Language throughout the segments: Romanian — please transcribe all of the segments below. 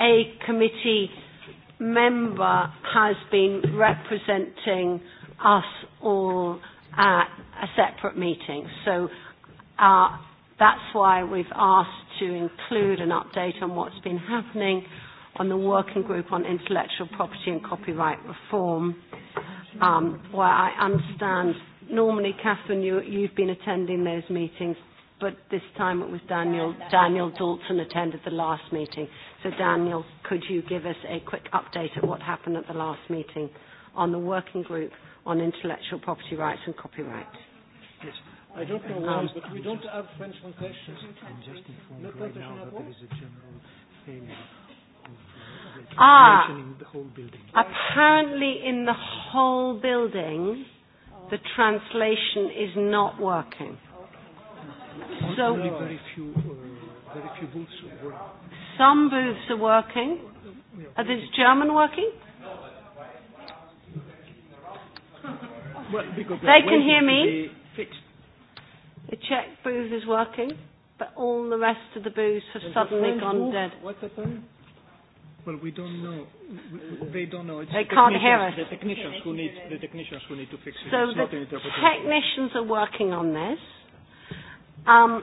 a committee member has been representing us all at a separate meeting. So uh, that's why we've asked to include an update on what's been happening on the working group on intellectual property and copyright reform, um, where I understand normally, Catherine, you, you've been attending those meetings, but this time it was Daniel, Daniel Dalton attended the last meeting. So Daniel, could you give us a quick update of what happened at the last meeting on the working group on intellectual property rights and copyright? Yes. I don't know why, but we don't have French translations. I'm just informed right now that there is a general failure. Ah, in the whole building. apparently in the whole building, the translation is not working. So, very few, uh, very few were Some booths are working. Are this German working? Well, they can hear me. The Czech booth is working, but all the rest of the booths have and suddenly gone move? dead. What happened? Well, we don't know. They don't know. It's they the can't hear us. The technicians who need the technicians who need to fix it. So it's the not technicians are working on this. Um,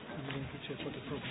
for the program.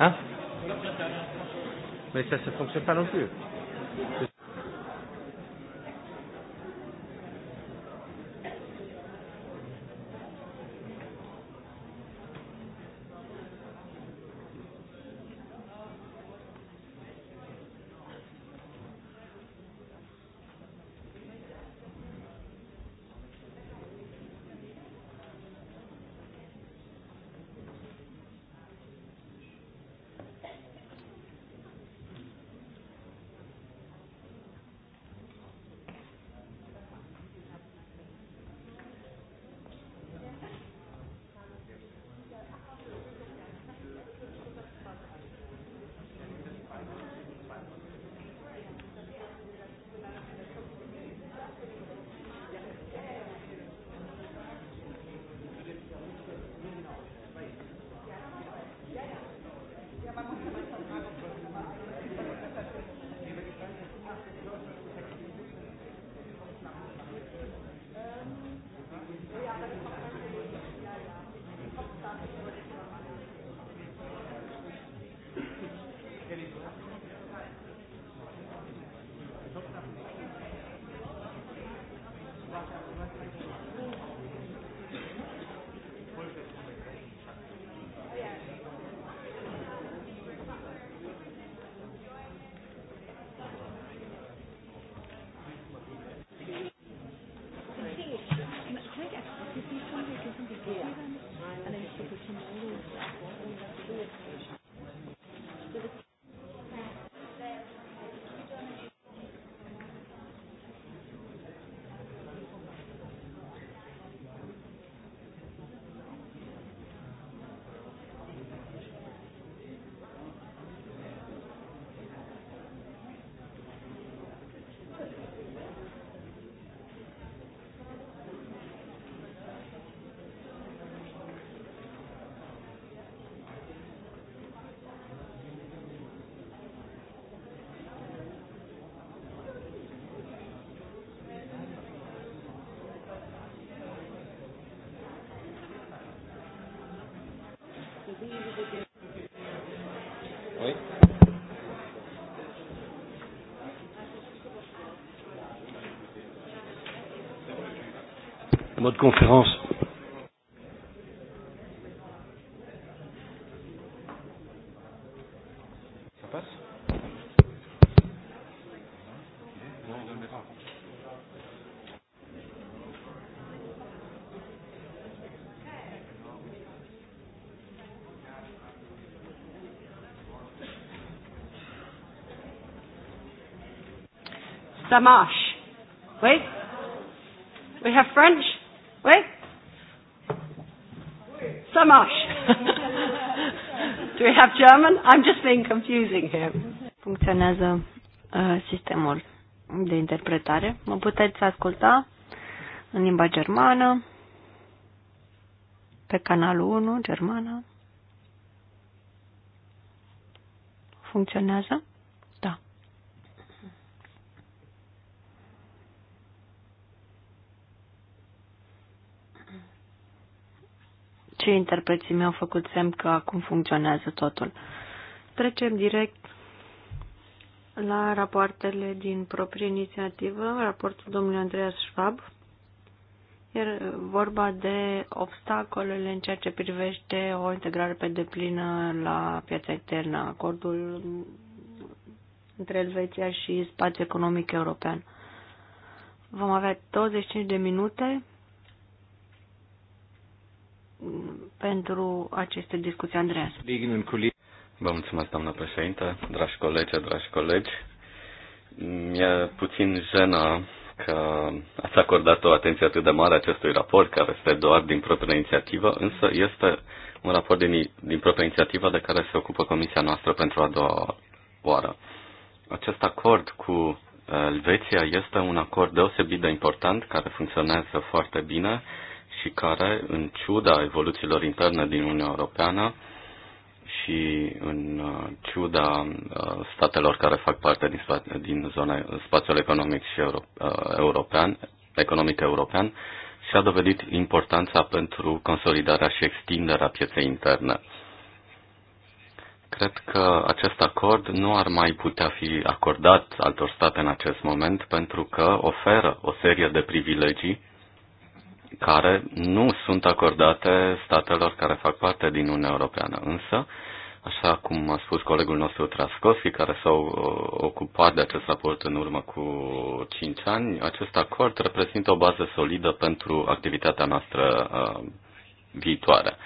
Hein Mais ça, ne fonctionne pas non plus. mode conférence. Ça passe Non, on ne pas. Ça marche. Oui. We have French. so Do we have German? I'm just being confusing here. Funcționează uh, sistemul de interpretare. Mă puteți asculta în limba germană, pe canalul 1, germană. Funcționează? interpreții mi-au făcut semn că acum funcționează totul. Trecem direct la rapoartele din proprie inițiativă, raportul domnului Andreas Schwab, iar uh, vorba de obstacolele în ceea ce privește o integrare pe deplină la piața internă, acordul între Elveția și spațiul economic european. Vom avea 25 de minute pentru aceste discuții, Andreas. Vă mulțumesc, doamnă președinte, dragi colegi, dragi colegi. Mi-e puțin jenă că ați acordat o atenție atât de mare acestui raport, care este doar din propria inițiativă, însă este un raport din, din propria inițiativă de care se ocupă Comisia noastră pentru a doua oară. Acest acord cu eh, Elveția este un acord deosebit de important, care funcționează foarte bine și care, în ciuda evoluțiilor interne din Uniunea Europeană și în uh, ciuda uh, statelor care fac parte din, spa- din zona, spațiul economic și euro, uh, european, economic european, și-a dovedit importanța pentru consolidarea și extinderea pieței interne cred că acest acord nu ar mai putea fi acordat altor state în acest moment pentru că oferă o serie de privilegii care nu sunt acordate statelor care fac parte din Uniunea Europeană. Însă, așa cum a spus colegul nostru Traskovski, care s-a uh, ocupat de acest raport în urmă cu 5 ani, acest acord reprezintă o bază solidă pentru activitatea noastră uh, viitoare.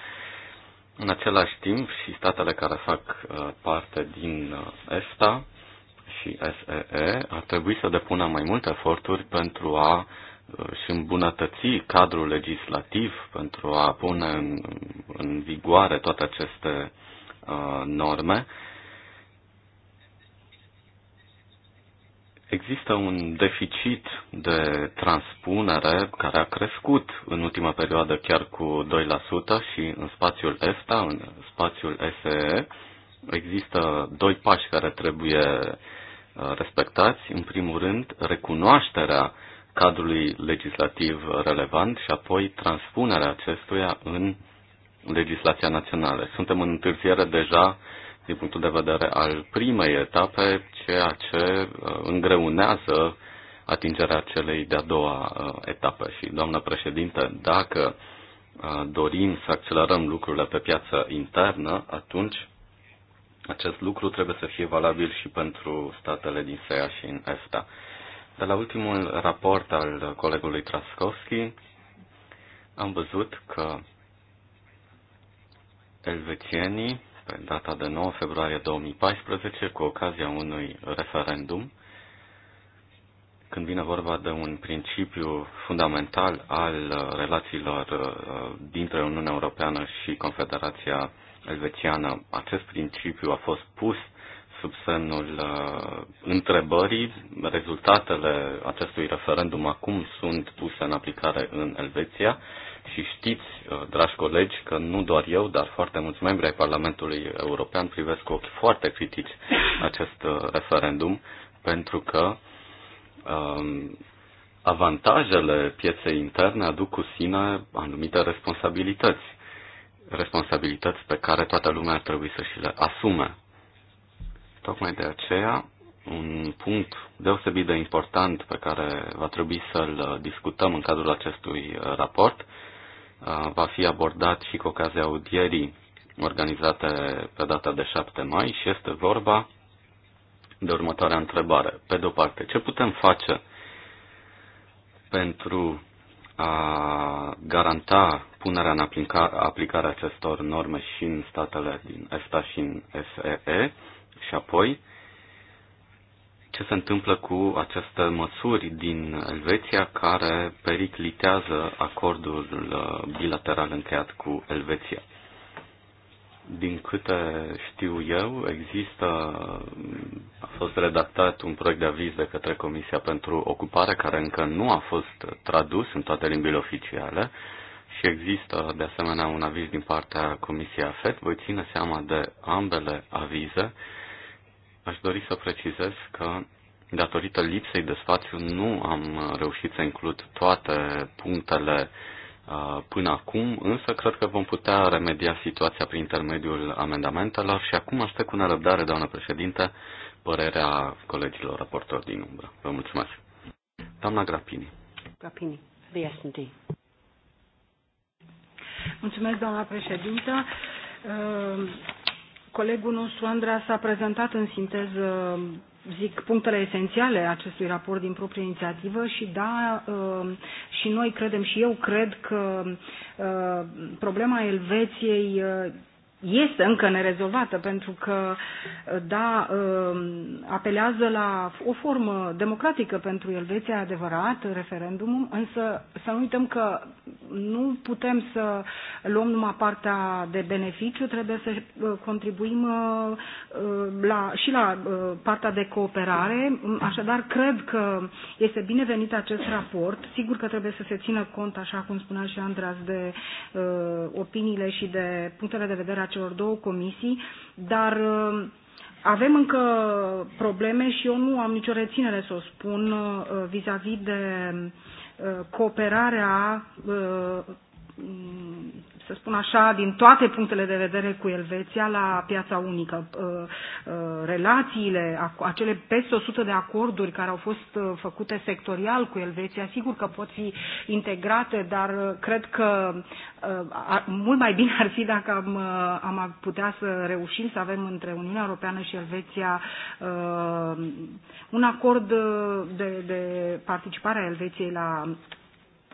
În același timp, și statele care fac uh, parte din ESTA și SEE ar trebui să depună mai multe eforturi pentru a și uh, îmbunătăți cadrul legislativ pentru a pune în, în vigoare toate aceste uh, norme, Există un deficit de transpunere care a crescut în ultima perioadă chiar cu 2% și în spațiul ESTA, în spațiul SEE, există doi pași care trebuie uh, respectați. În primul rând, recunoașterea cadrului legislativ relevant și apoi transpunerea acestuia în legislația națională. Suntem în întârziere deja din punctul de vedere al primei etape, ceea ce uh, îngreunează atingerea celei de-a doua uh, etape. Și, doamnă președinte, dacă uh, dorim să accelerăm lucrurile pe piața internă, atunci acest lucru trebuie să fie valabil și pentru statele din SEA și în EFTA. De la ultimul raport al colegului Traskowski, am văzut că elvețienii, pe data de 9 februarie 2014, cu ocazia unui referendum, când vine vorba de un principiu fundamental al relațiilor uh, dintre Uniunea Europeană și Confederația Elvețiană, acest principiu a fost pus uh, sub semnul uh, întrebării. Rezultatele acestui referendum acum sunt puse în aplicare în Elveția și știți, uh, dragi colegi, că nu doar eu, dar foarte mulți membri ai Parlamentului European privesc cu ochi foarte critici acest uh, referendum, pentru că um, avantajele pieței interne aduc cu sine anumite responsabilități responsabilități pe care toată lumea ar trebui să și le asume. Tocmai de aceea, un punct deosebit de important pe care va trebui să-l discutăm în cadrul acestui uh, raport uh, va fi abordat și cu ocazia audierii organizate pe data de 7 mai și este vorba de următoarea întrebare. Pe de o parte, ce putem face pentru a garanta punerea în aplicare, aplicarea acestor norme și în statele din EFTA și în SEE? Și apoi, ce se întâmplă cu aceste măsuri din Elveția care periclitează acordul uh, bilateral încheiat cu Elveția? Din câte știu eu, există, a fost redactat un proiect de aviz de către Comisia pentru Ocupare, care încă nu a fost tradus în toate limbile oficiale și există de asemenea un aviz din partea Comisiei AFET. Voi ține seama de ambele avize Aș dori să precizez că datorită lipsei de spațiu nu am reușit să includ toate punctele uh, până acum, însă cred că vom putea remedia situația prin intermediul amendamentelor și acum aștept cu nerăbdare, doamnă președinte, părerea colegilor raportori din umbră. Vă mulțumesc. Doamna Grapini. Grapini, VSND. Mulțumesc, doamna președintă. Uh, Colegul nostru, Andra, s-a prezentat în sinteză, zic, punctele esențiale acestui raport din proprie inițiativă și da, ă, și noi credem și eu cred că ă, problema Elveției ă, este încă nerezolvată, pentru că, uh, da, um, apelează la o formă democratică pentru Elveția, adevărat, referendumul, însă să nu uităm că nu putem să luăm numai partea de beneficiu, trebuie să uh, contribuim uh, la, și la partea de cooperare. Așadar, cred că este binevenit acest raport. Sigur că trebuie să se țină cont, așa cum spunea și Andreas, de opiniile și de punctele de vedere celor două comisii, dar uh, avem încă probleme și eu nu am nicio reținere să o spun uh, vis-a-vis -vis de uh, cooperarea să spun așa, din toate punctele de vedere cu Elveția la piața unică. Uh, uh, relațiile, acele peste 100 de acorduri care au fost uh, făcute sectorial cu Elveția, sigur că pot fi integrate, dar cred că mult mai bine ar fi dacă am, am putea să reușim să avem între Uniunea Europeană și Elveția un acord de, de participare a Elveției la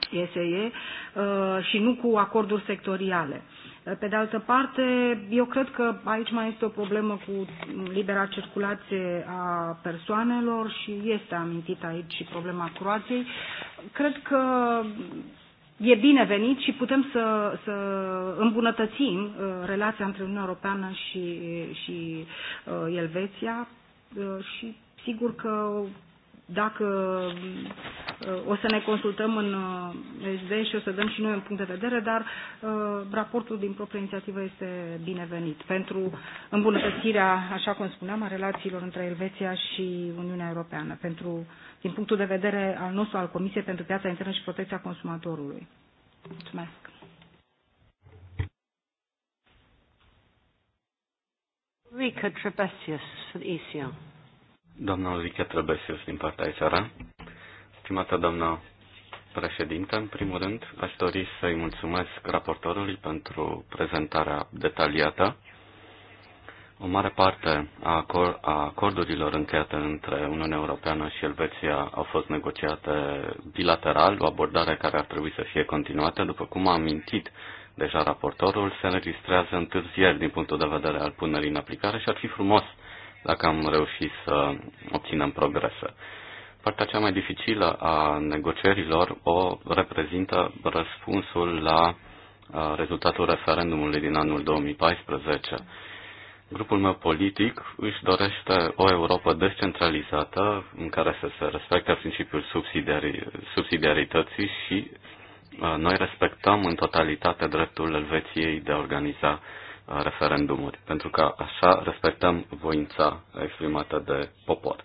SE uh, și nu cu acorduri sectoriale. Uh, pe de altă parte, eu cred că aici mai este o problemă cu libera circulație a persoanelor și este amintit aici și problema Croației. Cred că e binevenit și putem să, să îmbunătățim uh, relația între Uniunea Europeană și, și Elveția și sigur că dacă uh, o să ne consultăm în uh, SD și o să dăm și noi un punct de vedere, dar uh, raportul din propria inițiativă este binevenit pentru îmbunătățirea, așa cum spuneam, a relațiilor între Elveția și Uniunea Europeană, pentru, din punctul de vedere al nostru, al Comisiei pentru Piața Internă și Protecția Consumatorului. Mulțumesc! Rika Trebesius for the ECR. Doamna Ulrike Trebesius din partea ISR. Stimată doamna președintă, în primul rând aș dori să-i mulțumesc raportorului pentru prezentarea detaliată. O mare parte a, acord- a acordurilor încheiate între Uniunea Europeană și Elveția au fost negociate bilateral, o abordare care ar trebui să fie continuată. După cum am amintit deja raportorul, se înregistrează întârzieri din punctul de vedere al punerii în aplicare și ar fi frumos dacă am reușit să obținem progrese. Partea cea mai dificilă a negocierilor o reprezintă răspunsul la rezultatul referendumului din anul 2014. Grupul meu politic își dorește o Europa descentralizată în care să se respecte principiul subsidiarității și noi respectăm în totalitate dreptul Elveției de a organiza referendumuri, pentru că așa respectăm voința exprimată de popor.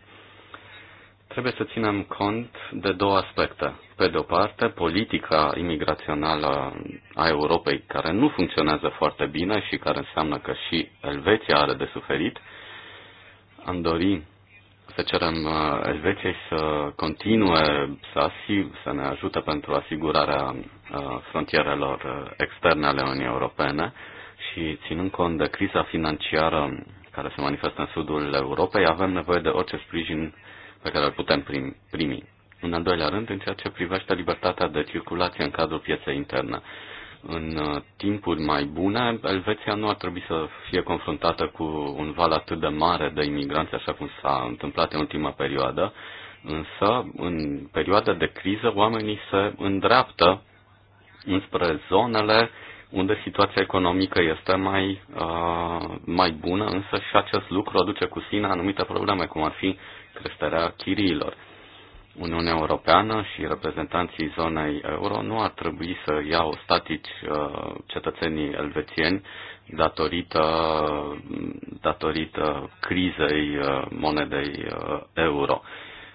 Trebuie să ținem cont de două aspecte. Pe de o parte, politica imigrațională a Europei, care nu funcționează foarte bine și care înseamnă că și Elveția are de suferit, am dori să cerem uh, Elveției să continue să, asig- să ne ajute pentru asigurarea uh, frontierelor uh, externe ale Uniunii Europene, și ținând cont de criza financiară care se manifestă în sudul Europei, avem nevoie de orice sprijin pe care îl putem primi. În al doilea rând, în ceea ce privește libertatea de circulație în cadrul pieței interne. În uh, timpuri mai bune, Elveția nu ar trebui să fie confruntată cu un val atât de mare de imigranți, așa cum s-a întâmplat în ultima perioadă, însă, în perioada de criză, oamenii se îndreaptă înspre zonele unde situația economică este mai, uh, mai bună, însă și acest lucru aduce cu sine anumite probleme, cum ar fi creșterea chiriilor. Uniunea Europeană și reprezentanții zonei euro nu ar trebui să iau statici uh, cetățenii elvețieni datorită, datorită crizei uh, monedei uh, euro.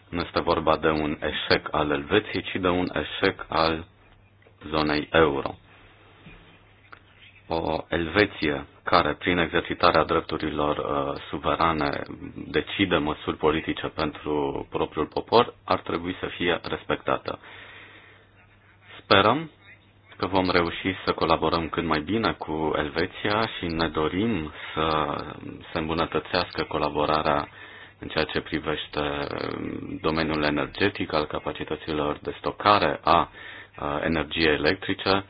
Nu este vorba de un eșec al Elveției, ci de un eșec al zonei euro o Elveție care, prin exercitarea drepturilor uh, suverane, decide măsuri politice pentru propriul popor, ar trebui să fie respectată. Sperăm că vom reuși să colaborăm cât mai bine cu Elveția și ne dorim să se îmbunătățească colaborarea în ceea ce privește um, domeniul energetic al capacităților de stocare a uh, energiei electrice,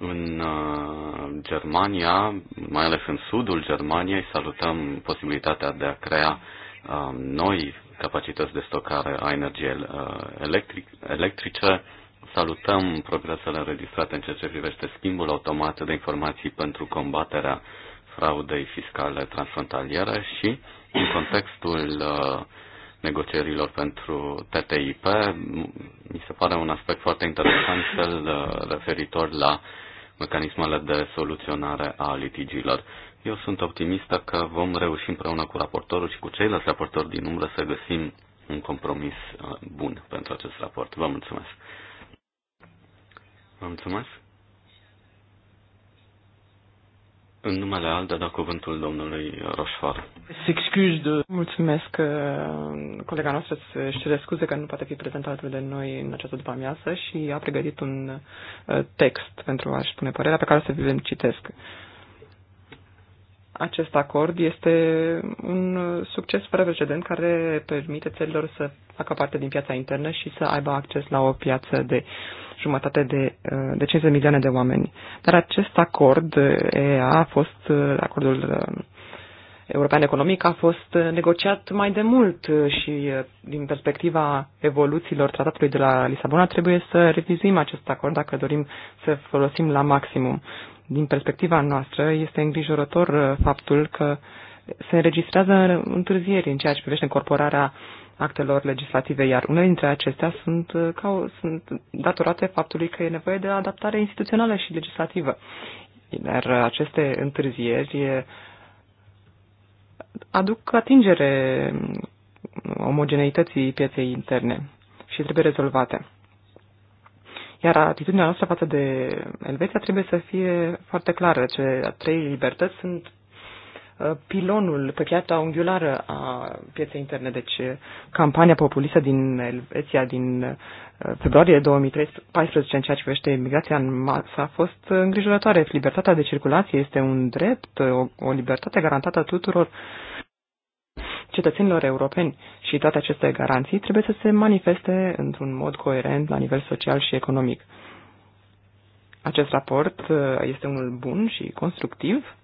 în uh, Germania, mai ales în sudul Germaniei, salutăm posibilitatea de a crea uh, noi capacități de stocare a energiei uh, electrice. Salutăm progresele înregistrate în ceea ce privește schimbul automat de informații pentru combaterea fraudei fiscale transfrontaliere și în contextul negocierilor pentru TTIP, mi se pare un aspect foarte interesant cel referitor la mecanismele de soluționare a litigiilor. Eu sunt optimistă că vom reuși împreună cu raportorul și cu ceilalți raportori din umbră să găsim un compromis uh, bun pentru acest raport. Vă mulțumesc! Vă mulțumesc! În numele al da cuvântul domnului Roșfar. excuse de... Mulțumesc. Uh, colega noastră își cere scuze că nu poate fi prezentată de noi în această după amiază și a pregătit un uh, text pentru a-și pune părerea pe care o să vi-l citesc. Acest acord este un succes fără precedent care permite țărilor să facă parte din piața internă și să aibă acces la o piață de jumătate de, de 50 milioane de oameni. Dar acest acord EA a fost acordul uh, european economic a fost negociat mai de mult și uh, din perspectiva evoluțiilor tratatului de la Lisabona trebuie să revizuim acest acord dacă dorim să folosim la maximum din perspectiva noastră, este îngrijorător uh, faptul că se înregistrează întârzieri în ceea ce privește incorporarea actelor legislative, iar unele dintre acestea sunt, uh, ca, sunt datorate faptului că e nevoie de adaptare instituțională și legislativă. Iar aceste întârzieri aduc atingere um, omogeneității pieței interne și trebuie rezolvate. Iar atitudinea noastră față de Elveția trebuie să fie foarte clară. Ce trei libertăți sunt uh, pilonul pe piața unghiulară a pieței interne. Deci uh, campania populistă din Elveția din uh, februarie 2014 în ceea ce privește migrația în masă a fost îngrijorătoare. Libertatea de circulație este un drept, o, o libertate garantată tuturor uh, cetățenilor europeni și toate aceste garanții trebuie să se manifeste într-un mod coerent la nivel social și economic. Acest raport uh, este unul bun și constructiv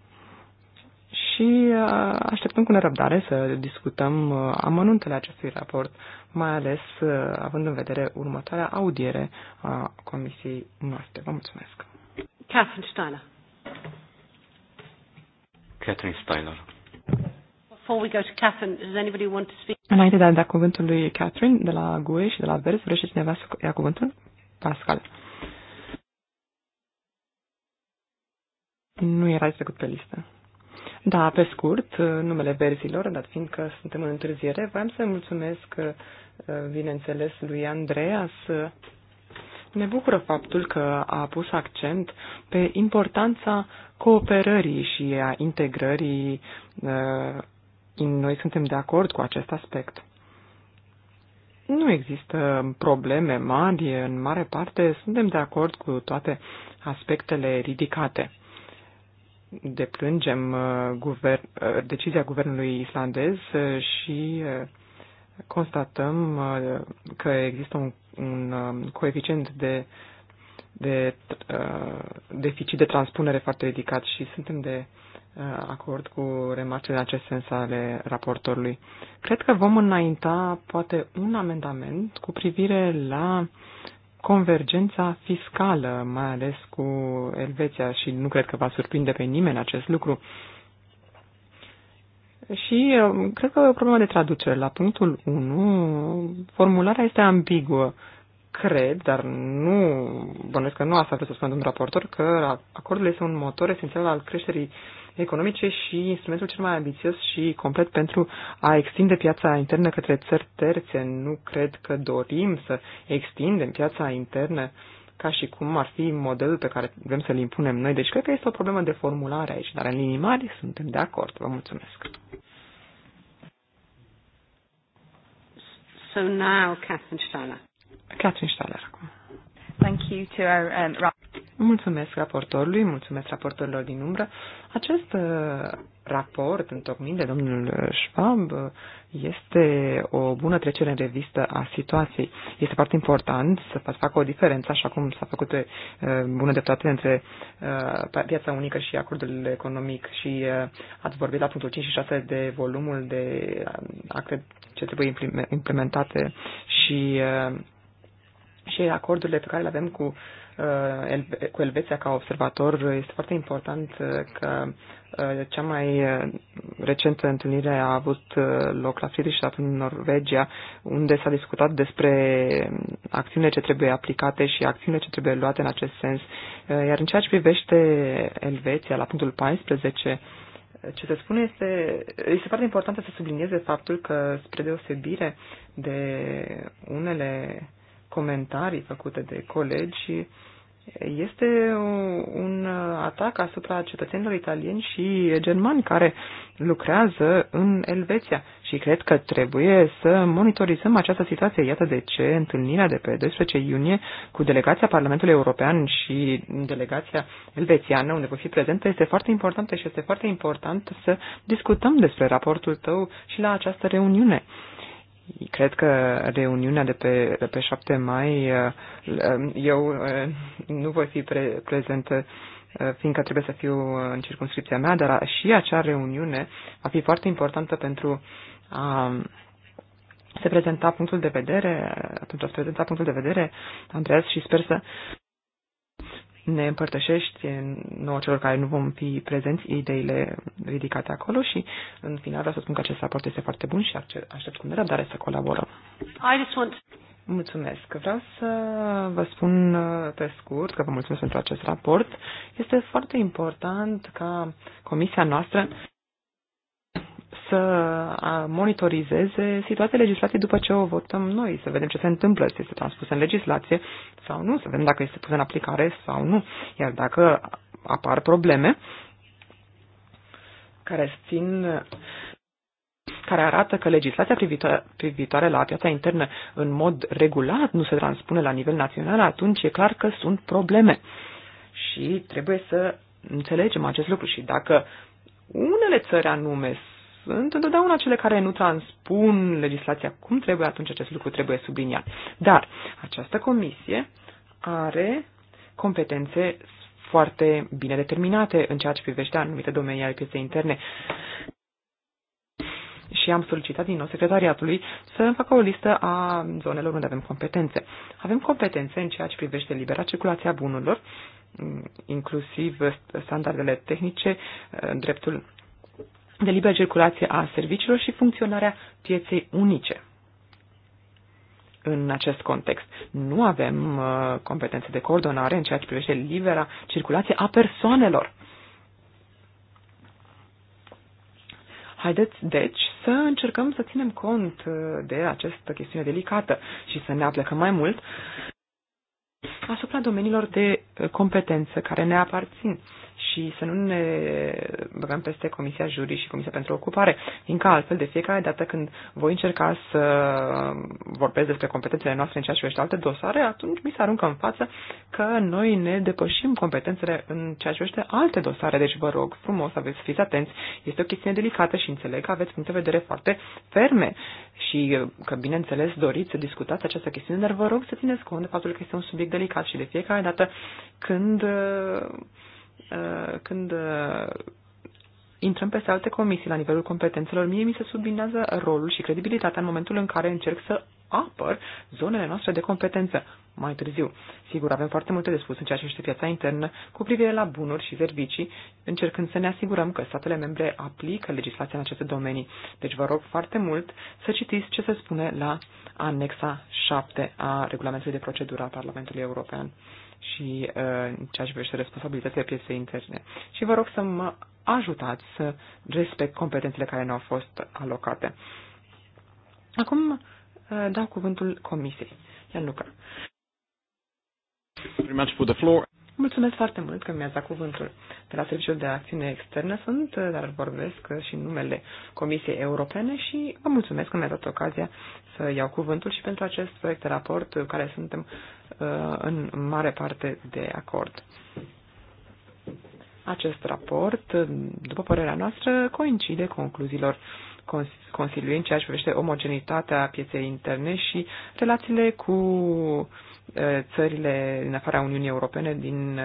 și uh, așteptăm cu nerăbdare să discutăm uh, amănuntele acestui raport, mai ales având în vedere următoarea audiere a comisiei noastre. Vă mulțumesc! Catherine Steiner. Catherine Steiner. Before we go to Catherine, does anybody want to speak? Înainte de a da cuvântul lui Catherine de la GUE și de la Vers, vrește cineva să ia cuvântul? Pascal. Nu era trecut pe listă. Da, pe scurt, numele verzilor, dar fiindcă suntem în întârziere, vreau să mulțumesc, uh, bineînțeles, lui Andreas. Ne bucură faptul că a pus accent pe importanța cooperării și a integrării uh, noi suntem de acord cu acest aspect. Nu există probleme mari, în mare parte suntem de acord cu toate aspectele ridicate. Deplângem uh, guvern, uh, decizia guvernului islandez uh, și constatăm că există un, un um, coeficient de, de deficit de transpunere foarte ridicat și suntem de acord cu remarcele în acest sens ale raportorului. Cred că vom înainta poate un amendament cu privire la convergența fiscală, mai ales cu Elveția și nu cred că va surprinde pe nimeni acest lucru. Și uh, cred că e o problemă de traducere. La punctul 1, formularea este ambiguă. Cred, dar nu, bănuiesc că nu asta vreau să spun un raportor, că acordul este un motor esențial al creșterii uh, economice și instrumentul cel mai ambițios și complet pentru a extinde piața internă către țări terțe. Nu cred că dorim să extindem piața internă ca și cum ar fi modelul pe care vrem să-l impunem noi. Deci cred că este o problemă de formulare aici, dar în linii mari suntem de acord. Vă mulțumesc. So now, Catherine Steiner. Catherine Steiner acum. Thank you to our, um, mulțumesc raportorului, mulțumesc raportorilor din umbră. Acest uh, raport întocmit de domnul Schwab este o bună trecere în revistă a situației. Este foarte important să facă o diferență, așa cum s-a făcut pe uh, bună dreptate între uh, piața unică și acordul economic și uh, ați vorbit la punctul 5 și 6 de volumul de uh, acte ce trebuie implementate și uh, și acordurile pe care le avem cu, uh, cu Elveția ca observator, este foarte important uh, că uh, cea mai recentă întâlnire a avut loc la Fredrikstad în Norvegia, unde s-a discutat despre um, acțiunile ce trebuie aplicate și acțiunile ce trebuie luate în acest sens. iar în ceea ce privește Elveția, la punctul 14, ce se spune este, este foarte important să sublinieze faptul că, spre deosebire de unele uh, comentarii făcute de colegi și este un atac asupra cetățenilor italieni și germani care lucrează în Elveția și cred că trebuie să monitorizăm această situație. Iată de ce întâlnirea de pe 12 iunie cu delegația Parlamentului European și delegația elvețiană, unde voi fi prezentă, este foarte importantă și este foarte important să discutăm despre raportul tău și la această reuniune. Cred că reuniunea de pe, de pe 7 mai, uh, eu uh, nu voi fi pre- prezentă uh, fiindcă trebuie să fiu în circunscripția mea, dar și acea reuniune va fi foarte importantă pentru a um, se prezenta punctul de vedere, pentru a se prezenta punctul de vedere, Andreas, și sper să ne împărtășești nouă celor care nu vom fi prezenți ideile ridicate acolo și în final vreau să spun că acest raport este foarte bun și aștept cu nerăbdare să colaborăm. Mulțumesc. Vreau să vă spun uh, pe scurt că vă mulțumesc pentru acest raport. Este foarte important ca comisia noastră să monitorizeze situația legislației după ce o votăm noi, să vedem ce se întâmplă, să este transpusă în legislație sau nu, să vedem dacă este pusă în aplicare sau nu. Iar dacă apar probleme care țin care arată că legislația privitoare la piața internă în mod regulat nu se transpune la nivel național, atunci e clar că sunt probleme. Și trebuie să înțelegem acest lucru și dacă unele țări anume sunt întotdeauna cele care nu transpun legislația cum trebuie, atunci acest lucru trebuie subliniat. Dar această comisie are competențe foarte bine determinate în ceea ce privește anumite domenii ale pieței interne. Și am solicitat din nou secretariatului să facă o listă a zonelor unde avem competențe. Avem competențe în ceea ce privește libera circulație a bunurilor, inclusiv standardele tehnice, dreptul de liberă circulație a serviciilor și funcționarea pieței unice. În acest context, nu avem uh, competențe de coordonare în ceea ce privește libera circulație a persoanelor. Haideți, deci, să încercăm să ținem cont uh, de această chestiune delicată și să ne aplecăm mai mult asupra domeniilor de uh, competență care ne aparțin și să nu ne băgăm peste Comisia Jurii și Comisia pentru Ocupare, fiindcă altfel de fiecare dată când voi încerca să vorbesc despre competențele noastre în ceea ce alte dosare, atunci mi se aruncă în față că noi ne depășim competențele în ceea ce privește alte dosare. Deci vă rog frumos, aveți, fiți atenți, este o chestiune delicată și înțeleg că aveți puncte de vedere foarte ferme și că, bineînțeles, doriți să discutați această chestiune, dar vă rog să țineți cont de faptul că este un subiect delicat și de fiecare dată când Uh, când uh, intrăm peste alte comisii la nivelul competențelor, mie mi se subminează rolul și credibilitatea în momentul în care încerc să apăr zonele noastre de competență. Mai târziu, sigur, avem foarte multe de spus în ceea ce este piața internă cu privire la bunuri și servicii, încercând să ne asigurăm că statele membre aplică legislația în aceste domenii. Deci vă rog foarte mult să citiți ce se spune la anexa 7 a regulamentului de procedură a Parlamentului European și uh, în ceea ce privește responsabilitatea pieței interne. Și vă rog să mă ajutați să respect competențele care ne-au fost alocate. Acum uh, dau cuvântul Comisiei. Ianuca. Pretty much for the floor. Mulțumesc foarte mult că mi-ați dat cuvântul. De la Serviciul de Acțiune Externă sunt, eh, dar vorbesc eh, și în numele Comisiei Europene și vă mulțumesc că mi-ați dat ocazia să iau cuvântul și pentru acest proiect de raport, eh, care suntem în mare parte de acord. Acest raport, după părerea noastră, coincide concluziilor uh, consiliuind în ceea ce privește omogenitatea pieței interne și relațiile cu țările din afara Uniunii Europene din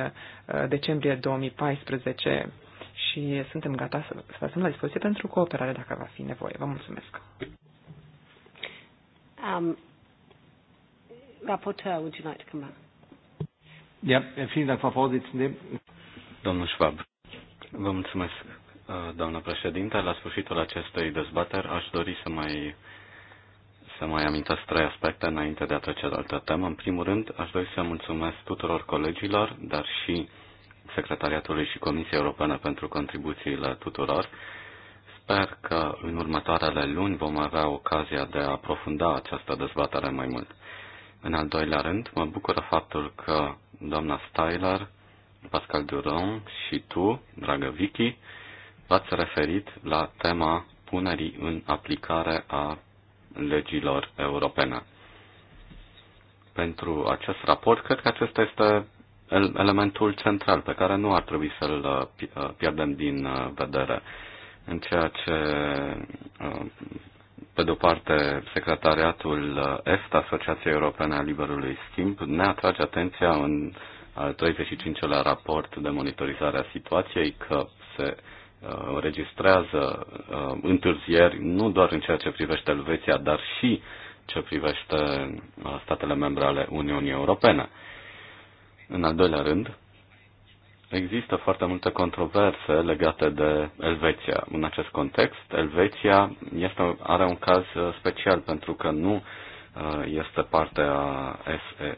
decembrie 2014 și suntem gata să, să vă la dispoziție pentru cooperare dacă va fi nevoie. Vă mulțumesc. Um, Rapporteur, would you like to come back? Ja, vielen Dank, Frau Vorsitzende. Domnul Schwab, vă mulțumesc Uh, doamnă președinte. La sfârșitul acestei dezbateri aș dori să mai, să mai amintesc trei aspecte înainte de a trece la altă temă. În primul rând, aș dori să mulțumesc tuturor colegilor, dar și Secretariatului și Comisiei Europene pentru contribuțiile tuturor. Sper că în următoarele luni vom avea ocazia de a aprofunda această dezbatere mai mult. În al doilea rând, mă bucură faptul că doamna Styler, Pascal Duron și tu, dragă Vicky, v-ați referit la tema punerii în aplicare a legilor europene. Pentru acest raport, cred că acesta este elementul central pe care nu ar trebui să-l uh, uh, pierdem din uh, vedere. În ceea ce, pe de-o parte, secretariatul EFTA, Asociației Europene a Liberului Schimb, ne atrage atenția în al 35-lea raport de monitorizare a situației că se Uh, înregistrează uh, întârzieri nu doar în ceea ce privește Elveția, dar și ce privește uh, statele membre ale Uniunii Europene. În al doilea rând, există foarte multe controverse legate de Elveția. În acest context, Elveția este, are un caz special pentru că nu este parte a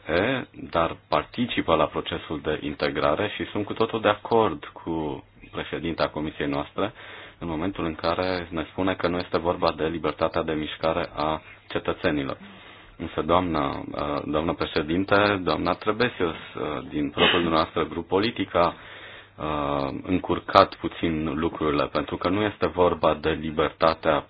SEE, dar participă la procesul de integrare și sunt cu totul de acord cu președinte a comisiei noastre, în momentul în care ne spune că nu este vorba de libertatea de mișcare a cetățenilor. Însă, doamna, uh, doamna președinte, doamna Trebesios, uh, din propriul noastră grup politic, a uh, încurcat puțin lucrurile, pentru că nu este vorba de libertatea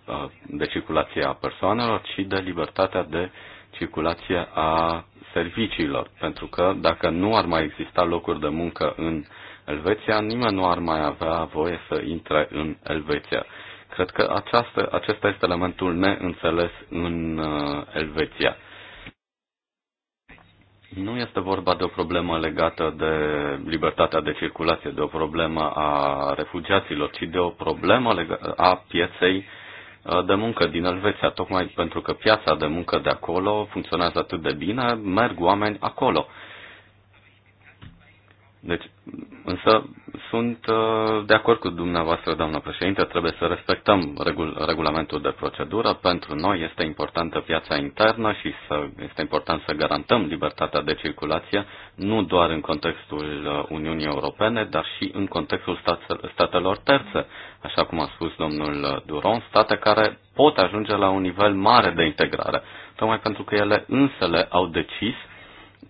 de circulație a persoanelor, ci de libertatea de circulație a serviciilor, pentru că dacă nu ar mai exista locuri de muncă în uh, Elveția, nimeni nu ar mai avea voie să intre în Elveția. Cred că aceasta, acesta este elementul neînțeles în uh, Elveția. Nu este vorba de o problemă legată de libertatea de circulație, de o problemă a refugiaților, ci de o problemă a pieței uh, de muncă din Elveția, tocmai pentru că piața de muncă de acolo funcționează atât de bine, merg oameni acolo. Deci, însă sunt uh, de acord cu dumneavoastră, doamnă președinte, trebuie să respectăm regul- regulamentul de procedură. Pentru noi este importantă piața internă și să, este important să garantăm libertatea de circulație, nu doar în contextul uh, Uniunii Europene, dar și în contextul stat- statelor terțe. Așa cum a spus domnul uh, Duron, state care pot ajunge la un nivel mare de integrare, tocmai pentru că ele însele au decis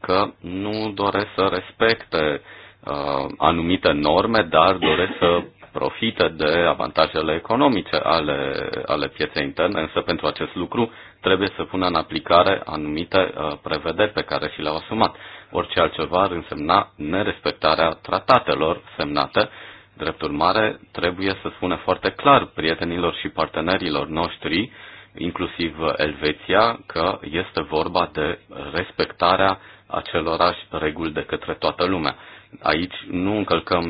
că nu doresc să respecte uh, uh, anumite norme, dar doresc să profită de avantajele economice ale, ale pieței interne, însă pentru acest lucru trebuie să pună în aplicare anumite uh, prevederi pe care și le-au asumat. Orice altceva ar însemna nerespectarea tratatelor semnate. Drept urmare, trebuie să spună foarte clar prietenilor și partenerilor noștri, inclusiv Elveția, că este vorba de respectarea acelorași reguli de către toată lumea aici nu încălcăm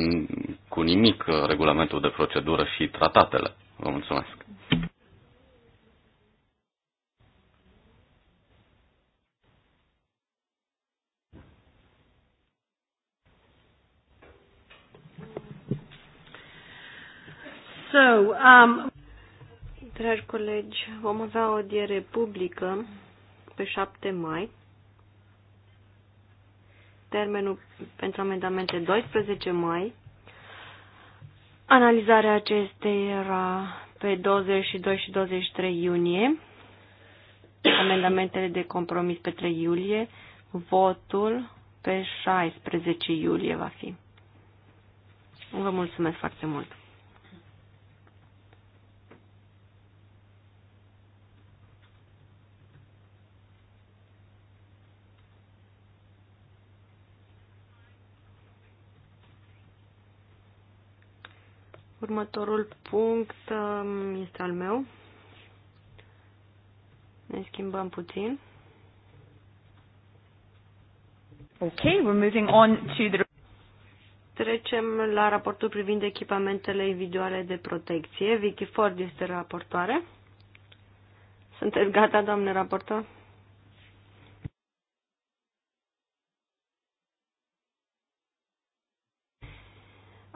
cu nimic regulamentul de procedură și tratatele. Vă mulțumesc. So, um, dragi colegi, vom avea o audiere publică pe 7 mai termenul pentru amendamente 12 mai. Analizarea acestei era pe 22 și 23 iunie. Amendamentele de compromis pe 3 iulie. Votul pe 16 iulie va fi. Vă mulțumesc foarte mult! Următorul punct um, este al meu. Ne schimbăm puțin. Okay, we're moving on to the... Trecem la raportul privind echipamentele individuale de protecție. Vicky Ford este raportoare. Sunteți gata, doamne raportor?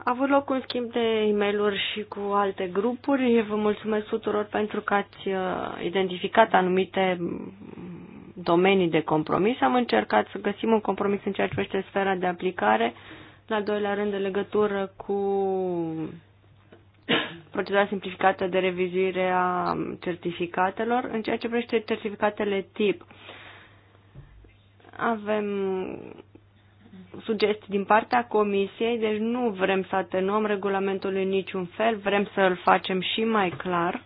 A avut loc un schimb de e mail și cu alte grupuri. Vă mulțumesc tuturor pentru că ați uh, identificat anumite domenii de compromis. Am încercat să găsim un compromis în ceea ce privește sfera de aplicare, în al doilea rând de legătură cu procedura simplificată de revizuire a certificatelor. În ceea ce privește certificatele tip, avem sugestii din partea Comisiei, deci nu vrem să atenuăm regulamentul în niciun fel, vrem să îl facem și mai clar.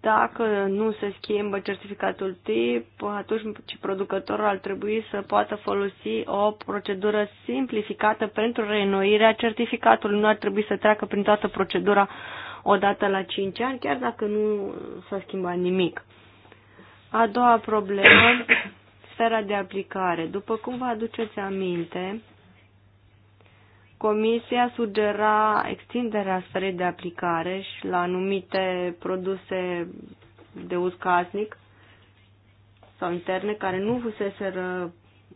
Dacă nu se schimbă certificatul tip, atunci producătorul ar trebui să poată folosi o procedură simplificată pentru reînnoirea certificatului. Nu ar trebui să treacă prin toată procedura odată la 5 ani, chiar dacă nu s-a schimbat nimic. A doua problemă, sfera de aplicare. După cum vă aduceți aminte, Comisia sugera extinderea sferei de aplicare și la anumite produse de uz casnic sau interne care nu fusese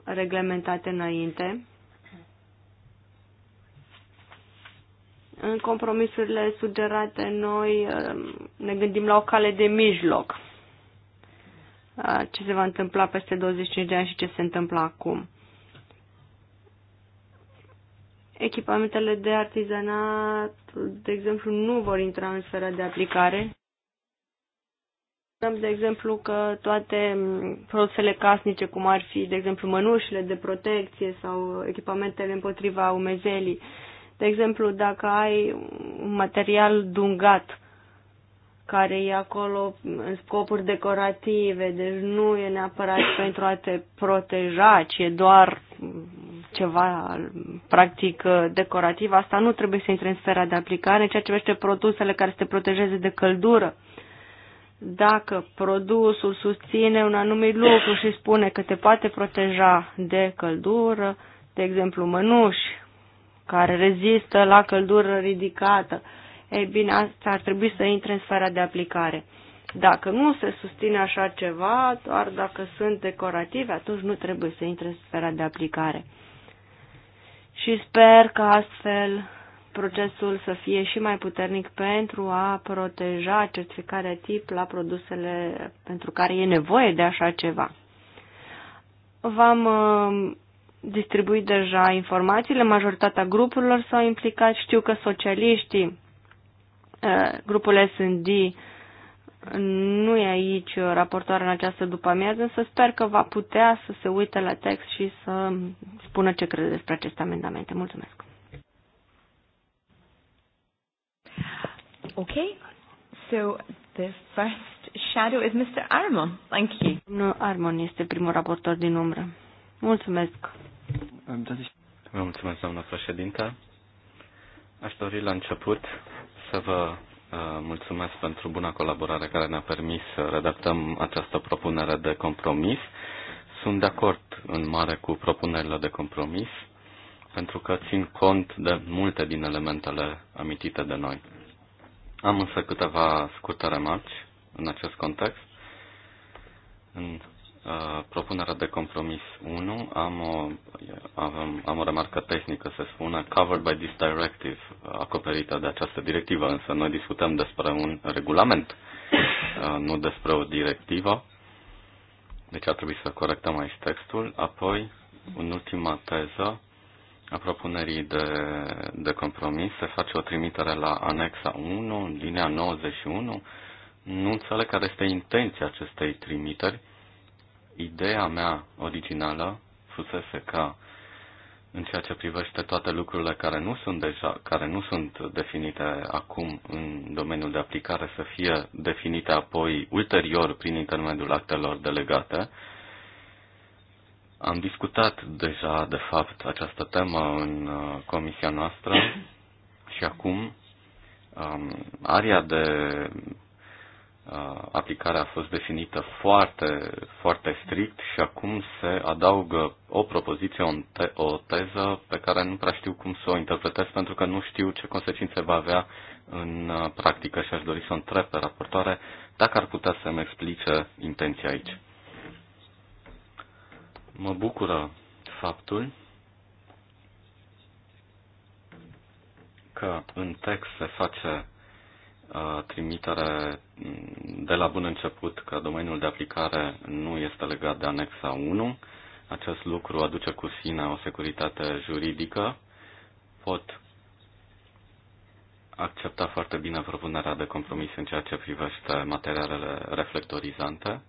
reglementate înainte. În compromisurile sugerate noi eh, ne gândim la o cale de mijloc ce se va întâmpla peste 25 de ani și ce se întâmplă acum. Echipamentele de artizanat, de exemplu, nu vor intra în sfera de aplicare. De exemplu, că toate produsele casnice, cum ar fi, de exemplu, mănușile de protecție sau echipamentele împotriva umezelii, de exemplu, dacă ai un material dungat care e acolo în scopuri decorative, deci nu e neapărat pentru a te proteja, ci e doar ceva practic decorativ, asta nu trebuie să intre în sfera de aplicare, ceea ce privește produsele care să te protejeze de căldură. Dacă produsul susține un anumit lucru și spune că te poate proteja de căldură, de exemplu mănuși care rezistă la căldură ridicată, uh, ei bine, asta ar trebui să intre în sfera de aplicare. Dacă nu se susține așa ceva, doar dacă sunt decorative, atunci nu trebuie să intre în sfera de aplicare. Și sper că astfel procesul să fie și mai puternic pentru a proteja certificarea tip la produsele pentru care e nevoie de așa ceva. V-am um, distribuit deja informațiile, majoritatea grupurilor s-au implicat, știu că socialiștii grupul S&D nu e aici raportoare în această după-amiază, însă sper că va putea să se uite la text și să spună ce crede despre aceste amendamente. Mulțumesc! Ok. so the first shadow is Mr. Armon. Thank you. Domnul Armon este primul raportor din umbră. Mulțumesc! Vă mulțumesc, doamna președintă. Aș dori la început să vă uh, mulțumesc pentru buna colaborare care ne-a permis să redactăm această propunere de compromis. Sunt de acord în mare cu propunerile de compromis, pentru că țin cont de multe din elementele amintite de noi. Am însă câteva scurte remarci în acest context. În Uh, propunerea de compromis 1, am o, avem, am o remarcă tehnică, se spune, covered by this directive, uh, acoperită de această directivă, însă noi discutăm despre un regulament, uh, nu despre o directivă. Deci ar trebui să corectăm aici textul. Apoi, în ultima teză a propunerii de, de compromis, se face o trimitere la anexa 1, linia 91. Nu înțeleg care este intenția acestei trimiteri ideea mea originală fusese ca în ceea ce privește toate lucrurile care nu sunt deja, care nu sunt definite acum în domeniul de aplicare să fie definite apoi ulterior prin intermediul actelor delegate. Am discutat deja, de fapt, această temă în uh, comisia noastră și acum um, area de Uh, aplicarea a fost definită foarte, foarte strict și acum se adaugă o propoziție, o teză pe care nu prea știu cum să o interpretez pentru că nu știu ce consecințe va avea în uh, practică și aș dori să o întreb pe raportoare dacă ar putea să-mi explice intenția aici. Mă bucură faptul că în text se face trimitere mm, de la bun început că domeniul de aplicare nu este legat de anexa 1. Acest lucru aduce cu sine o securitate juridică. Pot accepta foarte bine propunerea de compromis în ceea ce privește materialele reflectorizante.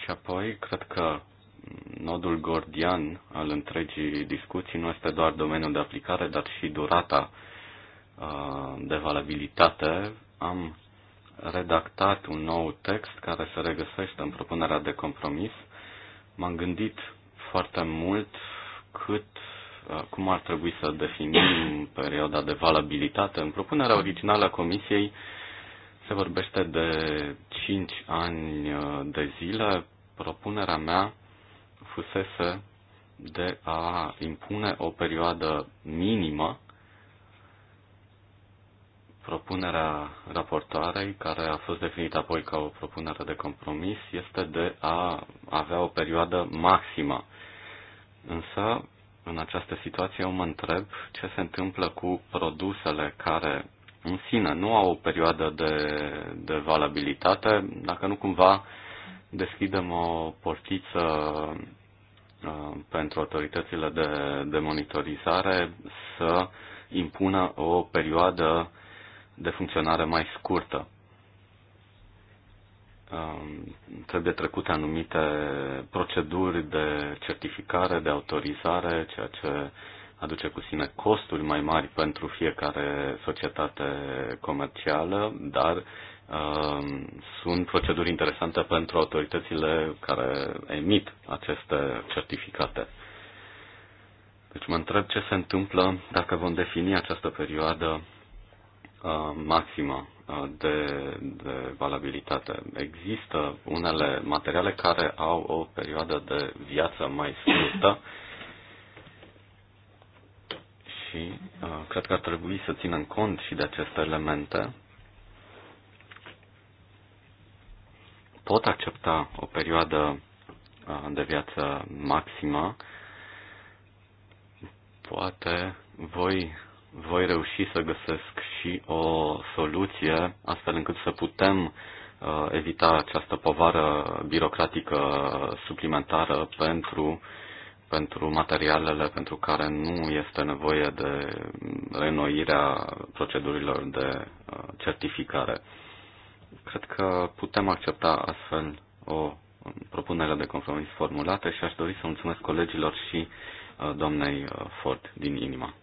Și apoi, cred că nodul gordian al întregii discuții nu este doar domeniul de aplicare, dar și durata uh, Uh, de valabilitate, am redactat un nou text care se regăsește în propunerea de compromis. M-am gândit foarte mult cât, uh, cum ar trebui să definim perioada de valabilitate. În propunerea originală a Comisiei se vorbește de 5 ani uh, de zile. Propunerea mea fusese de a impune o perioadă minimă propunerea raportoarei, care a fost definită apoi ca o propunere de compromis, este de a avea o perioadă maximă. Însă, în această situație, eu mă întreb ce se întâmplă cu produsele care în sine nu au o perioadă de, de valabilitate, dacă nu cumva deschidem o portiță uh, pentru autoritățile de, de monitorizare să impună o perioadă de funcționare mai scurtă. Um, trebuie trecute anumite proceduri de certificare, de autorizare, ceea ce aduce cu sine costuri mai mari pentru fiecare societate comercială, dar um, sunt proceduri interesante pentru autoritățile care emit aceste certificate. Deci mă întreb ce se întâmplă dacă vom defini această perioadă Uh, maximă uh, de, de valabilitate. Există unele materiale care au o perioadă de viață mai scurtă și uh, cred că ar trebui să ținem cont și de aceste elemente. Pot accepta o perioadă uh, de viață maximă. Poate voi voi reuși să găsesc și o soluție astfel încât să putem uh, evita această povară birocratică suplimentară pentru, pentru materialele pentru care nu este nevoie de renoirea procedurilor de uh, certificare. Cred că putem accepta astfel o propunere de compromis formulată și aș dori să mulțumesc colegilor și uh, doamnei Ford din inima.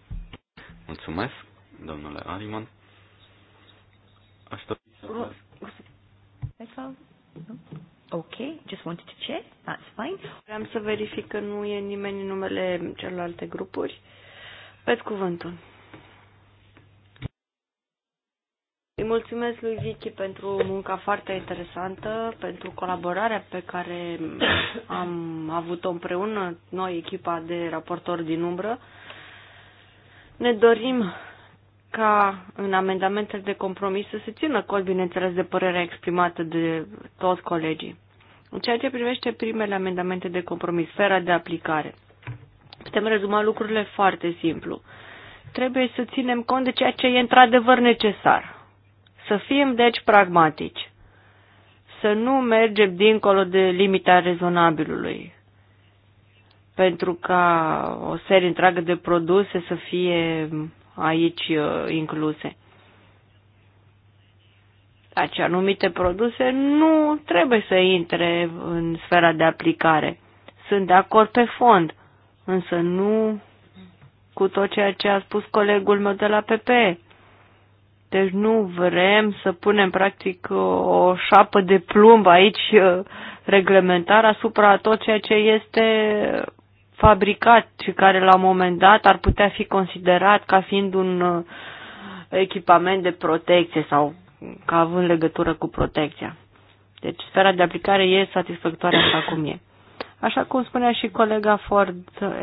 Mulțumesc, domnule Ariman. Aș dori să... Ok, just wanted to check, that's fine. Vreau să verific că nu e nimeni în numele celorlalte grupuri. Pe cuvântul. Îi mulțumesc lui Vicky pentru munca foarte interesantă, pentru colaborarea pe care am avut-o împreună, noi, echipa de raportori din umbră. Ne dorim ca în amendamentele de compromis să se țină cont, bineînțeles, de părerea exprimată de toți colegii. În ceea ce privește primele amendamente de compromis, sfera de aplicare, putem rezuma lucrurile foarte simplu. Trebuie să ținem cont de ceea ce e într-adevăr necesar. Să fim, deci, pragmatici. Să nu mergem dincolo de limita rezonabilului pentru ca o serie întreagă de produse să fie aici uh, incluse. Deci anumite produse nu trebuie să intre în sfera de aplicare. Sunt de acord pe fond, însă nu cu tot ceea ce a spus colegul meu de la PP. Deci nu vrem să punem practic o șapă de plumb aici uh, reglementar asupra tot ceea ce este fabricat și care la un moment dat ar putea fi considerat ca fiind un uh, echipament de protecție sau ca având legătură cu protecția. Deci sfera de aplicare e satisfăcătoare așa cum e. Așa cum spunea și colega Ford,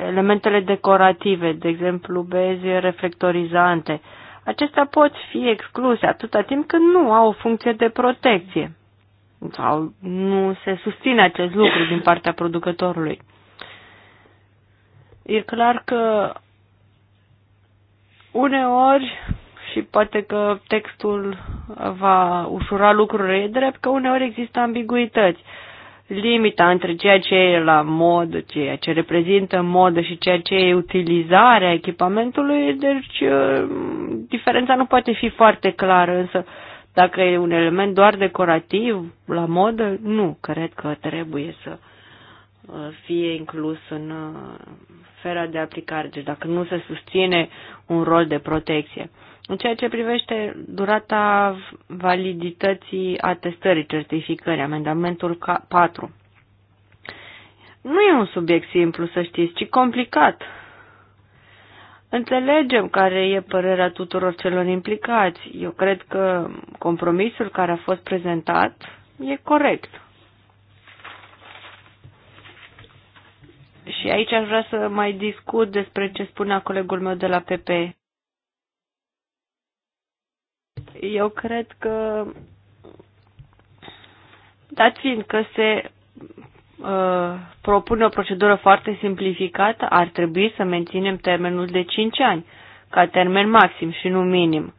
elementele decorative, de exemplu bezi reflectorizante, acestea pot fi excluse atâta timp când nu au o funcție de protecție sau nu se susține acest lucru din partea producătorului. E clar că uneori și poate că textul va ușura lucrurile, e drept că uneori există ambiguități. Limita între ceea ce e la mod ceea ce reprezintă modă și ceea ce e utilizarea echipamentului, deci uh, diferența nu poate fi foarte clară, însă dacă e un element doar decorativ, la modă, nu, cred că trebuie să uh, fie inclus în uh, sfera de aplicare, deci dacă nu se susține un rol de protecție. În ceea ce privește durata validității atestării, certificării, amendamentul 4. Nu e un subiect simplu, să știți, ci complicat. Înțelegem care e părerea tuturor celor implicați. Eu cred că compromisul care a fost prezentat e corect. Și aici aș vrea să mai discut despre ce spunea colegul meu de la PP. Eu cred că, dat fiind că se uh, propune o procedură foarte simplificată, ar trebui să menținem termenul de 5 ani ca termen maxim și nu minim.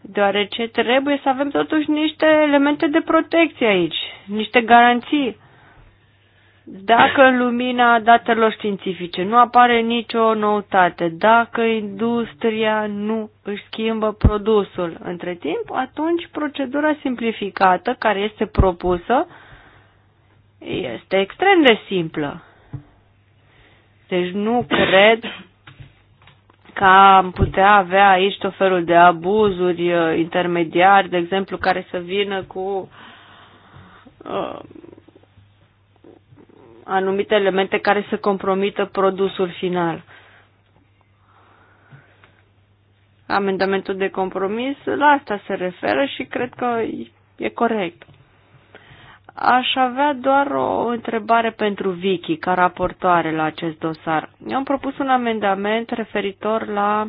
Deoarece trebuie să avem totuși niște elemente de protecție aici, niște garanții dacă în lumina datelor științifice nu apare nicio noutate, dacă industria nu își schimbă produsul între timp, atunci procedura simplificată care este propusă este extrem de simplă. Deci nu cred că am putea avea aici tot felul de abuzuri uh, intermediari, de exemplu, care să vină cu uh, anumite elemente care să compromită produsul final. Amendamentul de compromis la asta se referă și cred că e corect. Aș avea doar o întrebare pentru Vicky, ca raportoare la acest dosar. Eu am propus un amendament referitor la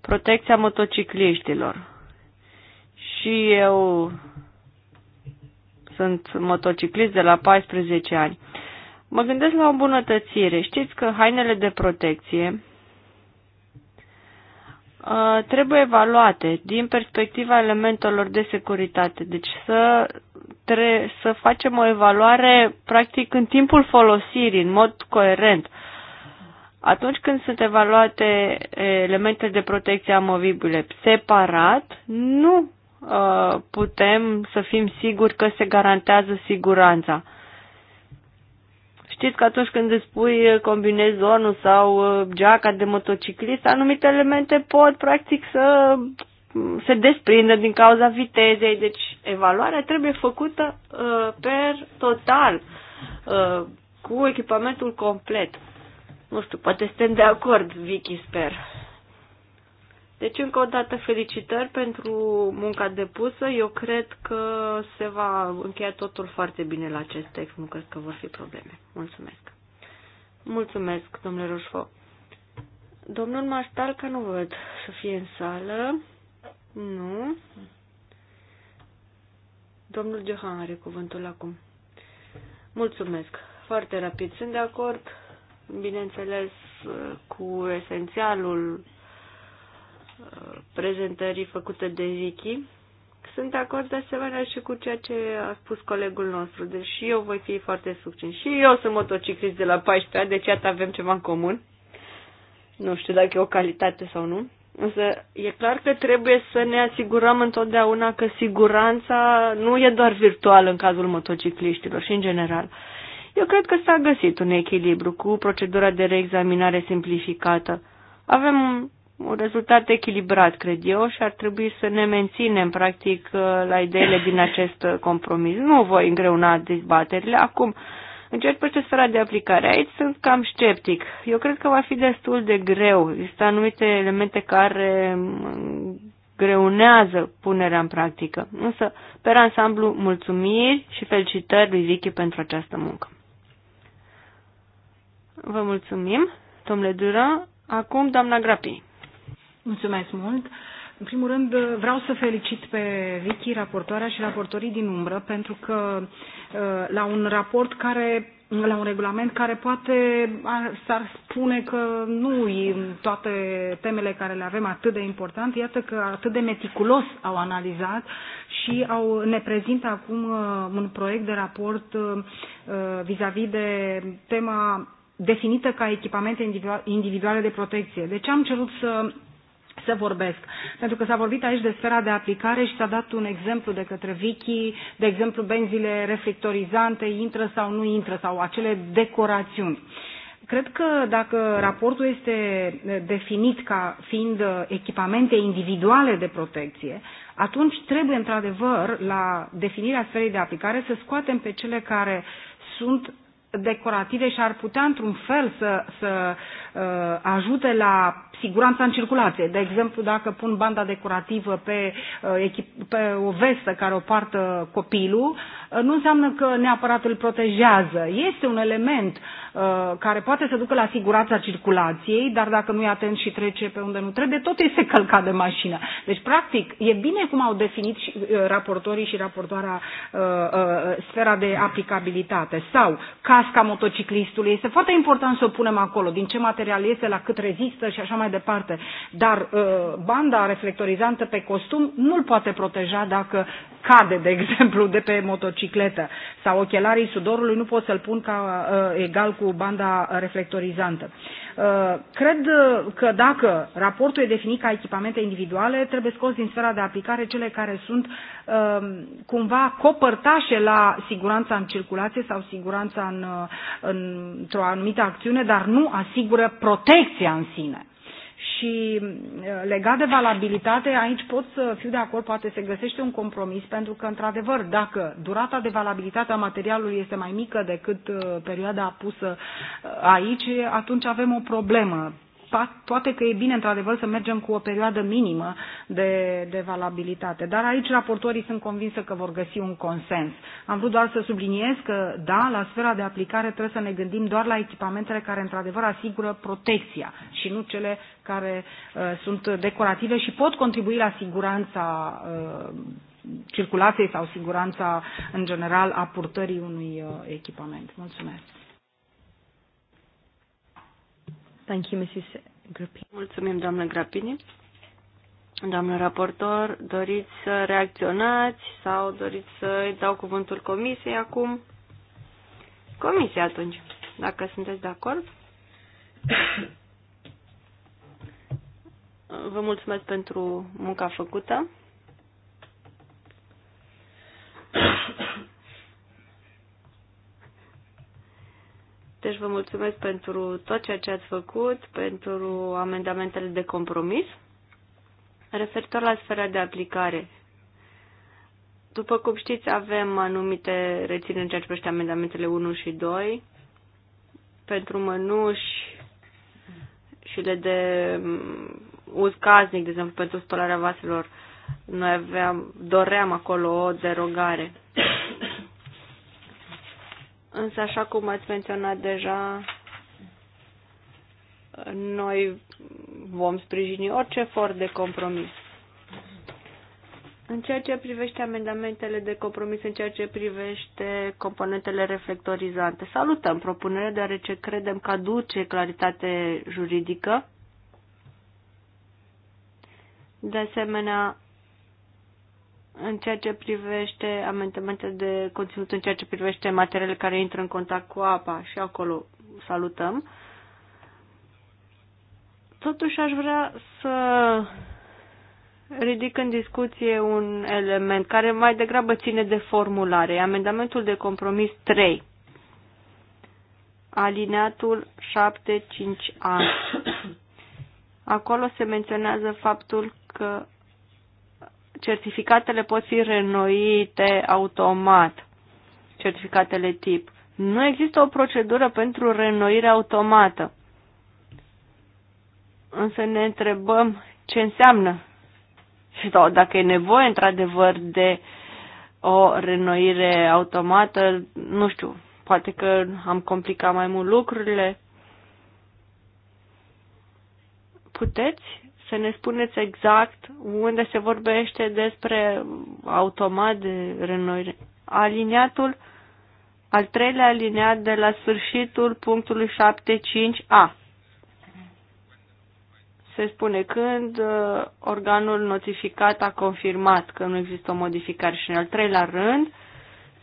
protecția motocicliștilor. Și eu sunt motociclist de la 14 ani. Mă gândesc la o îmbunătățire. Știți că hainele de protecție uh, trebuie evaluate din perspectiva elementelor de securitate. Deci să, tre- să facem o evaluare practic în timpul folosirii, în mod coerent. Atunci când sunt evaluate elemente de protecție amovibile separat, nu uh, putem să fim siguri că se garantează siguranța. Știți că atunci când îți pui eh, combinezonul sau eh, geaca de motociclist, anumite elemente pot practic să mm, se desprindă din cauza vitezei, deci evaluarea trebuie făcută uh, per total, uh, cu echipamentul complet. Nu știu, poate suntem de acord, Vicky, sper. Deci, încă o dată, felicitări pentru munca depusă. Eu cred că se va încheia totul foarte bine la acest text. Nu cred că vor fi probleme. Mulțumesc. Mulțumesc, domnule Roșfo. Domnul Mastalca nu văd să fie în sală. Nu. Domnul Johan are cuvântul acum. Mulțumesc. Foarte rapid. Sunt de acord, bineînțeles, cu esențialul prezentării făcute de Vicky. Sunt de acord de asemenea și cu ceea ce a spus colegul nostru, deci și eu voi fi foarte succint. Și eu sunt motociclist de la 14 ani, deci iată avem ceva în comun. Nu știu dacă e o calitate sau nu. Însă e clar că trebuie să ne asigurăm întotdeauna că siguranța nu e doar virtuală în cazul motocicliștilor și în general. Eu cred că s-a găsit un echilibru cu procedura de reexaminare simplificată. Avem un rezultat echilibrat, cred eu, și ar trebui să ne menținem, practic, uh, la ideile din acest uh, compromis. Nu voi îngreuna dezbaterile. Acum, în ceea ce privește sfera de aplicare, aici sunt cam sceptic. Eu cred că va fi destul de greu. Există anumite elemente care mm, greunează punerea în practică. Însă, pe ansamblu, mulțumiri și felicitări lui Vicky pentru această muncă. Vă mulțumim, domnule Dură. Acum, doamna Grapini. Mulțumesc mult. În primul rând, vreau să felicit pe Vicky, raportoarea și raportorii din umbră, pentru că uh, la un raport care la un regulament care poate s-ar spune că nu toate temele care le avem atât de important, iată că atât de meticulos au analizat și au, ne prezintă acum uh, un proiect de raport uh, vis-a-vis -vis de tema definită ca echipamente individuale de protecție. Deci am cerut să să vorbesc. Pentru că s-a vorbit aici de sfera de aplicare și s-a dat un exemplu de către Vicky, de exemplu benzile reflectorizante intră sau nu intră, sau acele decorațiuni. Cred că dacă raportul este definit ca fiind echipamente individuale de protecție, atunci trebuie într-adevăr la definirea sferei de aplicare să scoatem pe cele care sunt decorative și ar putea într-un fel să, să Uh, ajute la siguranța în circulație. De exemplu, dacă pun banda decorativă pe, uh, pe o vestă care o poartă copilul, uh, nu înseamnă că neapărat îl protejează. Este un element care poate să ducă la siguranța circulației, dar dacă nu e atent și trece pe unde nu trebuie, tot este călcat de mașină. Deci, practic, e bine cum au definit și, raportorii și raportoarea sfera de aplicabilitate. Sau casca motociclistului. Este foarte important să o punem acolo. Din ce material material este, la cât rezistă și așa mai departe. Dar uh, banda reflectorizantă pe costum nu-l poate proteja dacă cade, de exemplu, de pe motocicletă sau ochelarii sudorului nu pot să-l pun ca uh, egal cu banda reflectorizantă. Uh, cred că dacă raportul e definit ca echipamente individuale, trebuie scos din sfera de aplicare cele care sunt uh, cumva copărtașe la siguranța în circulație sau siguranța în, în, uh, într-o anumită acțiune, dar nu asigură protecția în sine. Și uh, legat de valabilitate, aici pot să fiu de acord, poate se găsește un compromis, pentru că, într-adevăr, dacă durata de valabilitate a materialului este mai mică decât uh, perioada pusă uh, aici, atunci avem o problemă poate că e bine, într-adevăr, să mergem cu o perioadă minimă de, de valabilitate. Dar aici raportorii sunt convinsă că vor găsi un consens. Am vrut doar să subliniez că, da, la sfera de aplicare trebuie să ne gândim doar la echipamentele care, într-adevăr, asigură protecția și nu cele care uh, sunt decorative și pot contribui la siguranța uh, circulației sau siguranța, în general, a purtării unui uh, echipament. Mulțumesc! Thank you, Mrs. Mulțumim, doamnă Grapini. Doamnă raportor, doriți să reacționați sau doriți să dau cuvântul comisiei acum? Comisia atunci, dacă sunteți de acord. Vă mulțumesc pentru munca făcută. Deci vă mulțumesc pentru tot ceea ce ați făcut, pentru amendamentele de compromis. Referitor la sfera de aplicare, după cum știți, avem anumite rețineri în ceea ce privește amendamentele 1 și 2 pentru mănuși și le de mm, uz casnic, de exemplu, pentru spălarea vaselor. Noi aveam, doream acolo o derogare. Însă, așa cum ați menționat deja, noi vom sprijini orice efort de compromis. În ceea ce privește amendamentele de compromis, în ceea ce privește componentele reflectorizante, salutăm propunerea deoarece credem că aduce claritate juridică. De asemenea, în ceea ce privește amendamente de conținut, în ceea ce privește materiale care intră în contact cu apa și acolo salutăm. Totuși aș vrea să ridic în discuție un element care mai degrabă ține de formulare, amendamentul de compromis 3, alineatul 7.5a. Acolo se menționează faptul că certificatele pot fi renoite automat, certificatele tip. Nu există o procedură pentru renoire automată. Însă ne întrebăm ce înseamnă și dacă e nevoie într-adevăr de o renoire automată, nu știu, poate că am complicat mai mult lucrurile. Puteți să ne spuneți exact unde se vorbește despre automat de renoire. Aliniatul, al treilea aliniat de la sfârșitul punctului 75a. Se spune când uh, organul notificat a confirmat că nu există o modificare și în al treilea rând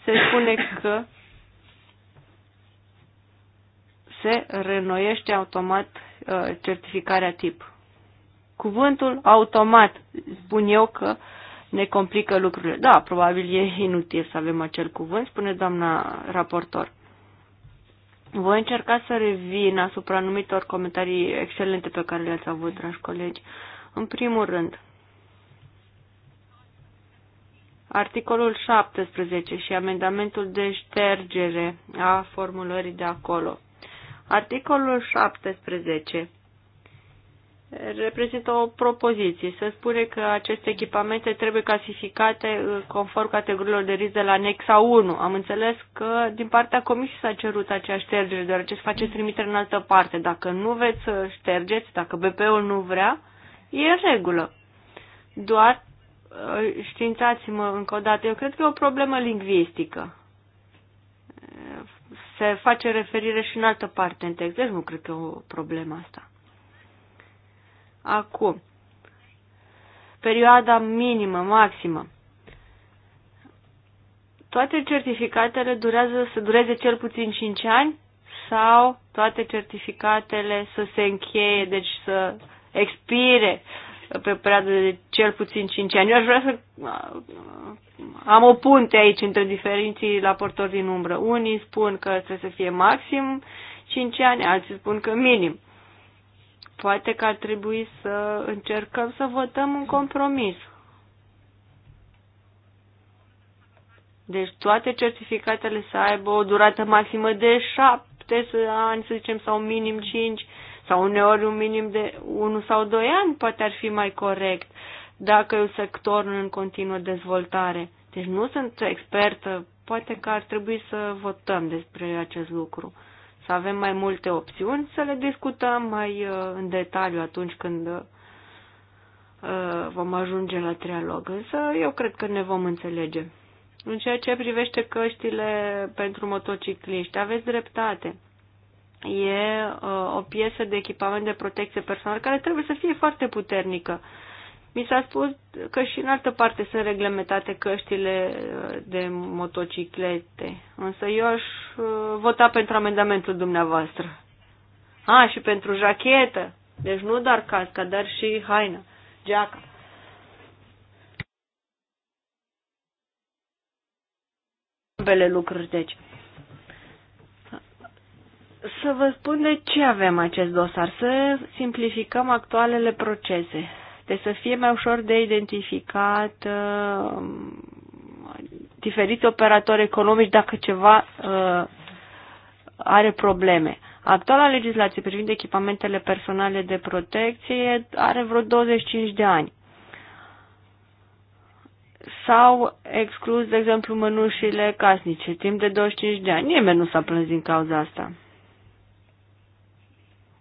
se spune că se renoiește automat uh, certificarea tip cuvântul, automat spun eu că ne complică lucrurile. Da, probabil e inutil să avem acel cuvânt, spune doamna raportor. Voi încerca să revin asupra anumitor comentarii excelente pe care le-ați avut, dragi colegi. În primul rând, articolul 17 și amendamentul de ștergere a formulării de acolo. Articolul 17 reprezintă o propoziție. Se spune că aceste echipamente trebuie clasificate uh, conform categoriilor de risc de la Nexa 1. Am înțeles că din partea Comisiei s-a cerut acea ștergere, deoarece se face trimitere în altă parte. Dacă nu veți să uh, ștergeți, dacă BP-ul nu vrea, e în regulă. Doar uh, științați-mă încă o dată, eu cred că e o problemă lingvistică. Se face referire și în altă parte în text, deci nu cred că e o problemă asta acum. Perioada minimă, maximă. Toate certificatele durează să dureze cel puțin 5 ani sau toate certificatele să se încheie, deci să expire pe perioadă de cel puțin 5 ani. Eu aș vrea să uh, am o punte aici între diferenții portori din umbră. Unii spun că trebuie să fie maxim 5 ani, alții spun că minim. Poate că ar trebui să încercăm să votăm un compromis. Deci toate certificatele să aibă o durată maximă de șapte ani, să zicem, sau minim cinci, sau uneori un minim de unu sau doi ani, poate ar fi mai corect, dacă e un sector în continuă dezvoltare. Deci nu sunt expertă, poate că ar trebui să votăm despre acest lucru să avem mai multe opțiuni, să le discutăm mai uh, în detaliu atunci când uh, vom ajunge la trialog. Însă eu cred că ne vom înțelege. În ceea ce privește căștile pentru motocicliști, aveți dreptate. E uh, o piesă de echipament de protecție personală care trebuie să fie foarte puternică. Uh, mi s-a spus că și în altă parte sunt reglementate căștile uh, de motociclete, însă eu aș uh, vota pentru amendamentul dumneavoastră. A, și pentru jachetă. Deci nu doar casca, dar și haina, geaca. Ambele lucruri, deci. Să vă spun de ce avem acest dosar, să simplificăm actualele procese de să fie mai ușor de identificat uh, diferiți operatori economici dacă ceva uh, are probleme. Actuala legislație privind echipamentele personale de protecție are vreo 25 de ani. S-au exclus, de exemplu, mânușile casnice timp de 25 de ani. Nimeni nu s-a plâns din cauza asta.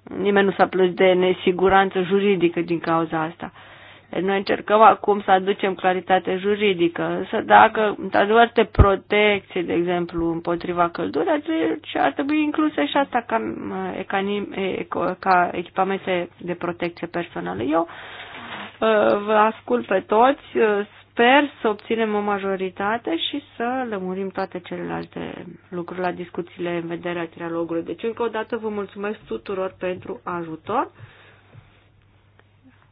Nimeni nu s-a plâns de nesiguranță juridică din cauza asta. Deci noi încercăm acum să aducem claritate juridică, însă dacă, într-adevăr, te protecție, de exemplu, împotriva căldurii, atunci ar trebui inclusă și asta ca, eh, ecanim, eh, ca echipamente de protecție personală. Eu eh, vă ascult pe toți, Sper să obținem o majoritate și să lămurim toate celelalte lucruri la discuțiile în vederea trialogului. Deci, încă o dată, vă mulțumesc tuturor pentru ajutor.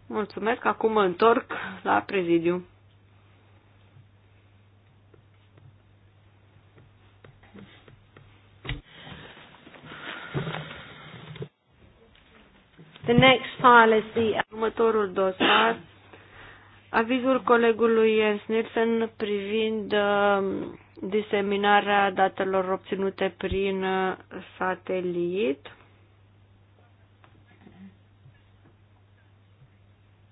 Mulțumesc. Acum mă întorc la prezidiu. The next file is the următorul dosar Avizul colegului Jens Nielsen privind uh, diseminarea datelor obținute prin uh, satelit.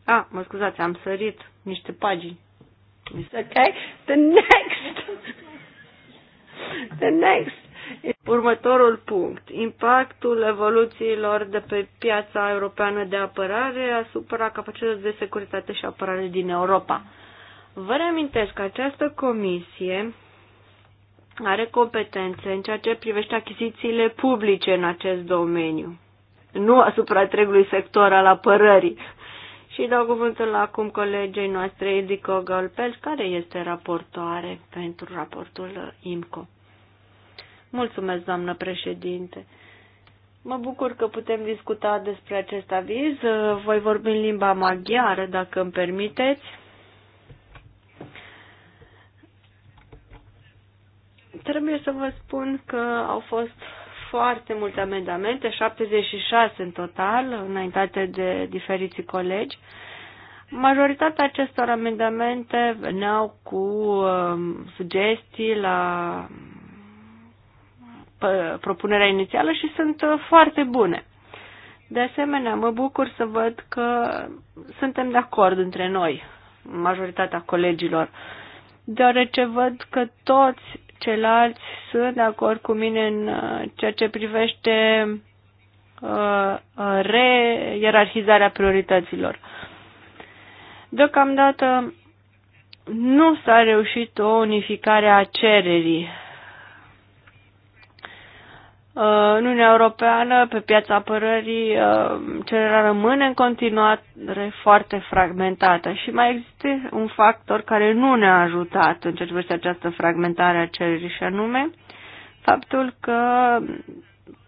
Ah, mă scuzați, am sărit niște pagini. Okay, the next, the next Următorul punct. Impactul evoluțiilor de pe piața europeană de apărare asupra capacității de securitate și apărare din Europa. Vă reamintesc că această comisie are competențe în ceea ce privește achizițiile publice în acest domeniu, nu asupra întregului sector al apărării. Și dau cuvântul acum colegei noastre, Edico Galpel, care este raportoare pentru raportul IMCO. Mulțumesc, doamnă președinte. Mă bucur că putem discuta despre acest aviz. Voi vorbi în limba maghiară, dacă îmi permiteți. Trebuie să vă spun că au fost foarte multe amendamente, 76 în total, înaintate de diferiți colegi. Majoritatea acestor amendamente veneau cu uh, sugestii la propunerea inițială și sunt uh, foarte bune. De asemenea, mă bucur să văd că suntem de acord între noi, majoritatea colegilor, deoarece văd că toți ceilalți sunt de acord cu mine în uh, ceea ce privește uh, reierarhizarea priorităților. Deocamdată nu s-a reușit o unificare a cererii Uh, în Uniunea Europeană, pe piața apărării, uh, cererea rămâne în continuare foarte fragmentată și mai există un factor care nu ne-a ajutat în ceea ce privește această fragmentare a cererii și anume faptul că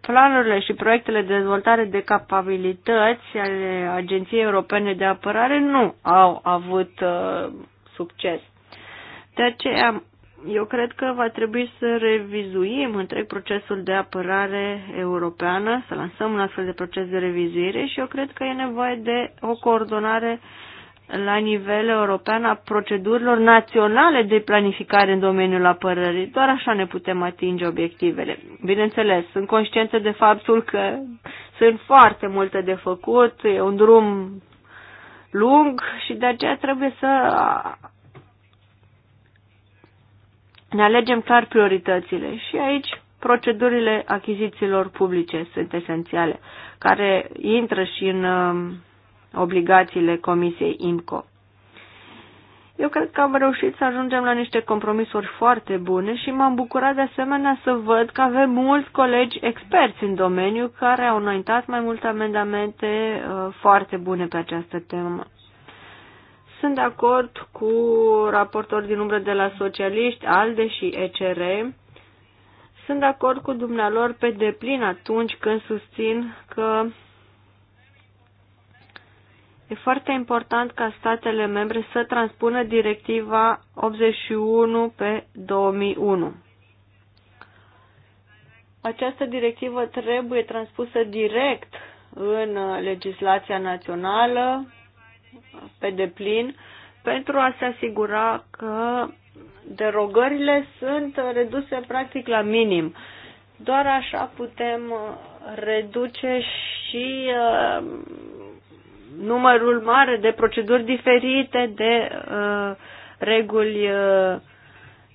planurile și proiectele de dezvoltare de capabilități ale Agenției Europene de Apărare nu au avut uh, succes. De aceea eu cred că va trebui să revizuim întreg procesul de apărare europeană, să lansăm un astfel de proces de revizuire și eu cred că e nevoie de o coordonare la nivel european a procedurilor naționale de planificare în domeniul apărării. Doar așa ne putem atinge obiectivele. Bineînțeles, sunt conștientă de faptul că sunt foarte multe de făcut, e un drum lung și de aceea trebuie să ne alegem clar prioritățile și aici procedurile achizițiilor publice sunt esențiale, care intră și în um, obligațiile Comisiei IMCO. Eu cred că am reușit să ajungem la niște compromisuri foarte bune și m-am bucurat de asemenea să văd că avem mulți colegi experți în domeniu care au înaintat mai multe amendamente uh, foarte bune pe această temă. Sunt de acord cu raportori din umbră de la socialiști, ALDE și ECR. Sunt de acord cu dumnealor pe deplin atunci când susțin că e foarte important ca statele membre să transpună directiva 81 pe 2001. Această directivă trebuie transpusă direct în legislația națională pe deplin pentru a se asigura că derogările sunt reduse practic la minim. Doar așa putem uh, reduce și uh, numărul mare de proceduri diferite, de uh, reguli uh,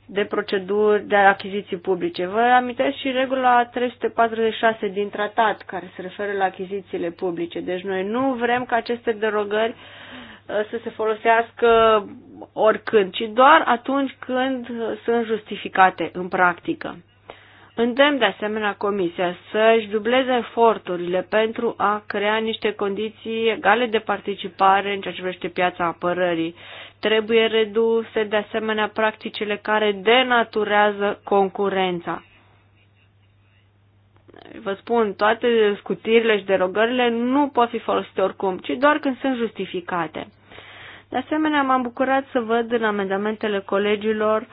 de proceduri de achiziții publice. Vă amintesc și regula 346 din tratat care se referă la achizițiile publice. Deci noi nu vrem ca aceste derogări uh, să se folosească oricând, ci doar atunci când sunt justificate în practică. Îndemn de asemenea Comisia să-și dubleze eforturile pentru a crea niște condiții egale de participare în ceea ce privește piața apărării Trebuie reduse de asemenea practicile care denaturează concurența. Vă spun, toate scutirile și derogările nu pot fi folosite oricum, ci doar când sunt justificate. De asemenea, m-am bucurat să văd în amendamentele colegilor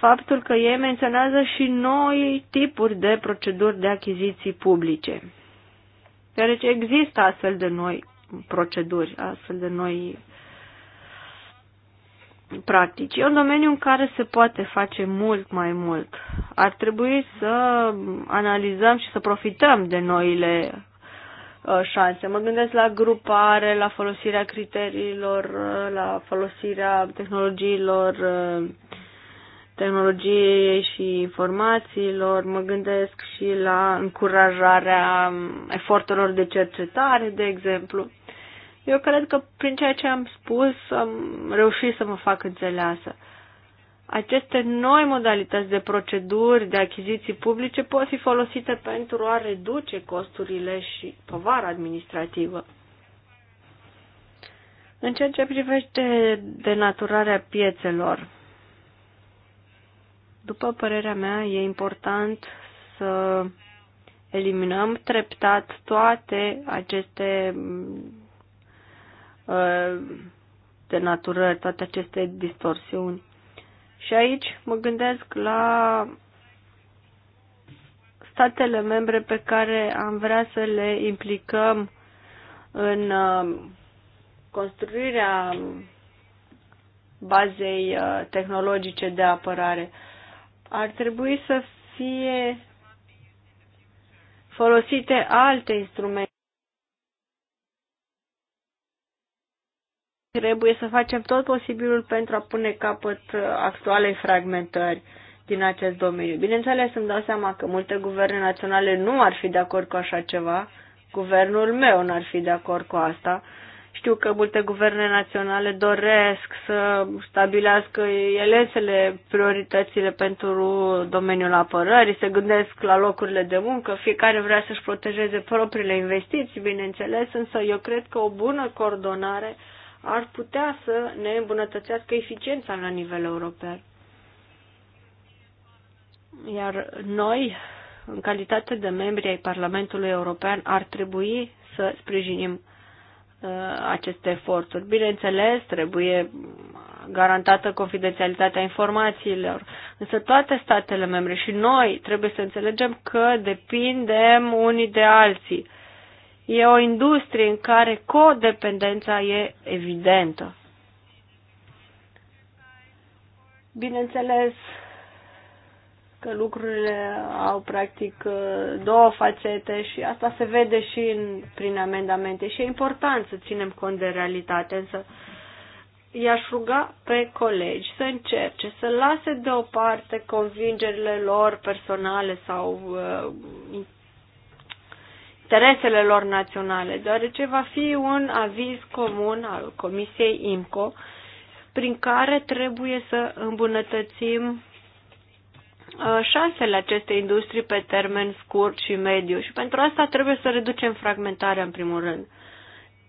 faptul că ei menționează și noi tipuri de proceduri de achiziții publice. Deoarece există astfel de noi proceduri, astfel de noi practici. E un domeniu în care se poate face mult mai mult. Ar trebui să analizăm și să profităm de noile uh, șanse. Mă gândesc la grupare, la folosirea criteriilor, uh, la folosirea tehnologiilor, uh, tehnologiei și informațiilor. Mă gândesc și la încurajarea um, eforturilor de cercetare, de exemplu. Eu cred că prin ceea ce am spus am reușit să mă fac înțeleasă. Aceste noi modalități de proceduri de achiziții publice pot fi folosite pentru a reduce costurile și povara administrativă. În ceea ce privește denaturarea piețelor, după părerea mea, e important să eliminăm treptat toate aceste Uh, de natură toate aceste distorsiuni. Și aici mă gândesc la statele membre pe care am vrea să le implicăm în uh, construirea bazei uh, tehnologice de apărare. Ar trebui să fie folosite alte instrumente Trebuie să facem tot posibilul pentru a pune capăt uh, actualei fragmentări din acest domeniu. Bineînțeles, îmi dau seama că multe guverne naționale nu ar fi de acord cu așa ceva, guvernul meu nu ar fi de acord cu asta. Știu că multe guverne naționale doresc să stabilească elesele prioritățile pentru domeniul apărării, se gândesc la locurile de muncă, fiecare vrea să-și protejeze propriile investiții, bineînțeles, însă eu cred că o bună coordonare uh, ar putea să ne îmbunătățească eficiența la nivel european. Iar noi, în calitate de membri ai Parlamentului European, ar trebui să sprijinim uh, aceste eforturi. Bineînțeles, trebuie garantată confidențialitatea informațiilor, însă toate statele membre și noi trebuie să înțelegem că depindem unii de alții. E o industrie în care codependența e evidentă. Bineînțeles că lucrurile au practic două fațete și asta se vede și în, prin amendamente și e important să ținem cont de realitate, însă i-aș ruga pe colegi să încerce să lase deoparte convingerile lor personale sau uh, interesele lor naționale, deoarece va fi un aviz comun al Comisiei IMCO prin care trebuie să îmbunătățim uh, șansele acestei industrii pe termen scurt și mediu și pentru asta trebuie să reducem fragmentarea în primul rând.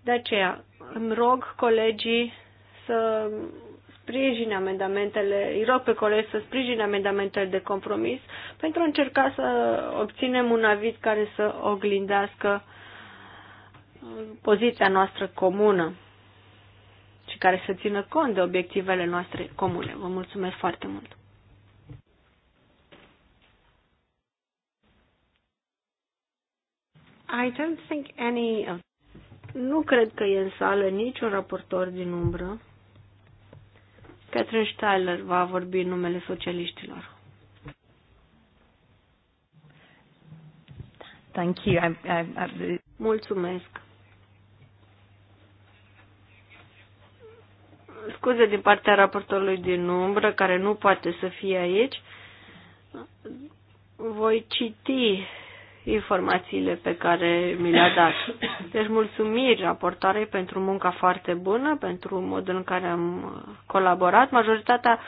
De aceea îmi rog colegii să sprijin amendamentele, îi rog pe colegi să sprijin amendamentele de compromis pentru a încerca să obținem un aviz care să oglindească uh, poziția noastră comună și care să țină cont de obiectivele noastre comune. Vă mulțumesc foarte mult! I don't think any of... Nu cred că e în sală niciun raportor din umbră. Catherine Steiler va vorbi în numele socialiștilor. Thank you. I, I, I... Mulțumesc. Scuze din partea raportorului din umbră, care nu poate să fie aici. Voi citi informațiile pe care mi le-a dat. Deci mulțumiri raportoarei pentru munca foarte bună, pentru modul în care am colaborat. Majoritatea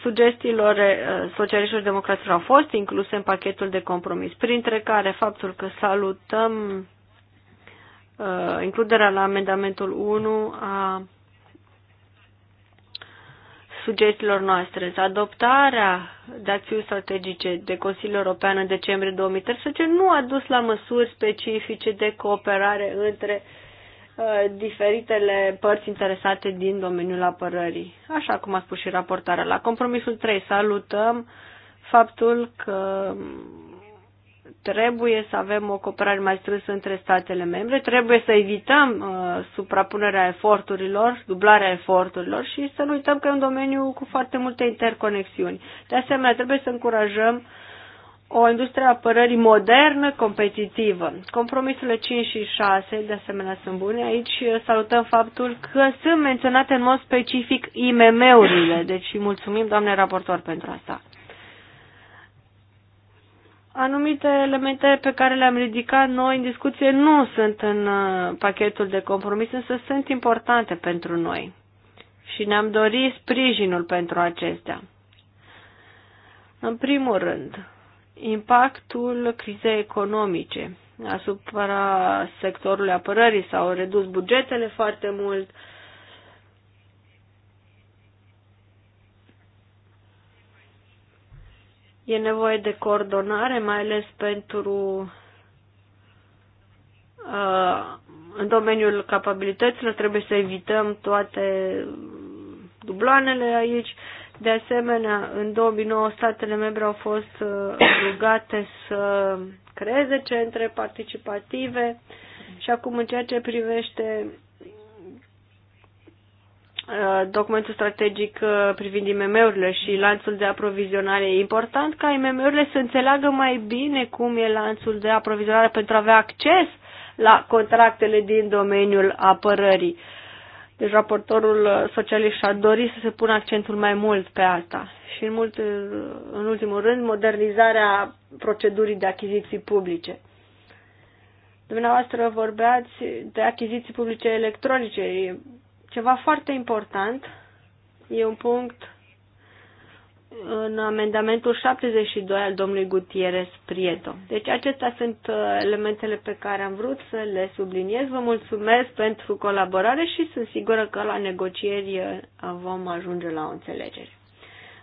sugestiilor eh, socialiștilor democraților au fost incluse în pachetul de compromis, printre care faptul că salutăm eh, includerea la amendamentul 1 a sugestiilor noastre. Adoptarea de acțiuni strategice de Consiliul European în decembrie 2013 nu a dus la măsuri specifice de cooperare între uh, diferitele părți interesate din domeniul apărării. Așa cum a spus și raportarea la compromisul 3, salutăm faptul că Trebuie să avem o cooperare mai strânsă între statele membre, trebuie să evităm uh, suprapunerea eforturilor, dublarea eforturilor și să nu uităm că e un domeniu cu foarte multe interconexiuni. De asemenea, trebuie să încurajăm o industrie a apărării modernă, competitivă. Compromisurile 5 și 6, de asemenea, sunt bune. Aici uh, salutăm faptul că sunt menționate în mod specific IMM-urile, deci mulțumim, doamne raportor, pentru asta. Anumite elemente pe care le-am ridicat noi în discuție nu sunt în uh, pachetul de compromis, însă sunt importante pentru noi și ne-am dorit sprijinul pentru acestea. În primul rând, impactul crizei economice asupra sectorului apărării. S-au redus bugetele foarte mult, uh, E nevoie de coordonare, mai ales pentru uh, în domeniul capabilităților, trebuie să evităm toate dubloanele aici. De asemenea, în 2009 statele membre au fost rugate uh, să creeze centre participative și acum în ceea ce privește Uh, documentul strategic uh, privind IMM-urile și lanțul de aprovizionare. E important ca IMM-urile să înțeleagă mai bine cum e lanțul de aprovizionare pentru a avea acces la contractele din domeniul apărării. Deci raportorul socialist și-a dorit să se pună accentul mai mult pe asta. Și în, mult, în ultimul rând, modernizarea procedurii de achiziții publice. Dumneavoastră vorbeați de achiziții publice electronice. Ceva foarte important e un punct în amendamentul 72 al domnului Gutierrez Prieto. Deci acestea sunt uh, elementele pe care am vrut să le subliniez. Vă mulțumesc pentru colaborare și sunt sigură că la negocieri uh, vom ajunge la o înțelegere.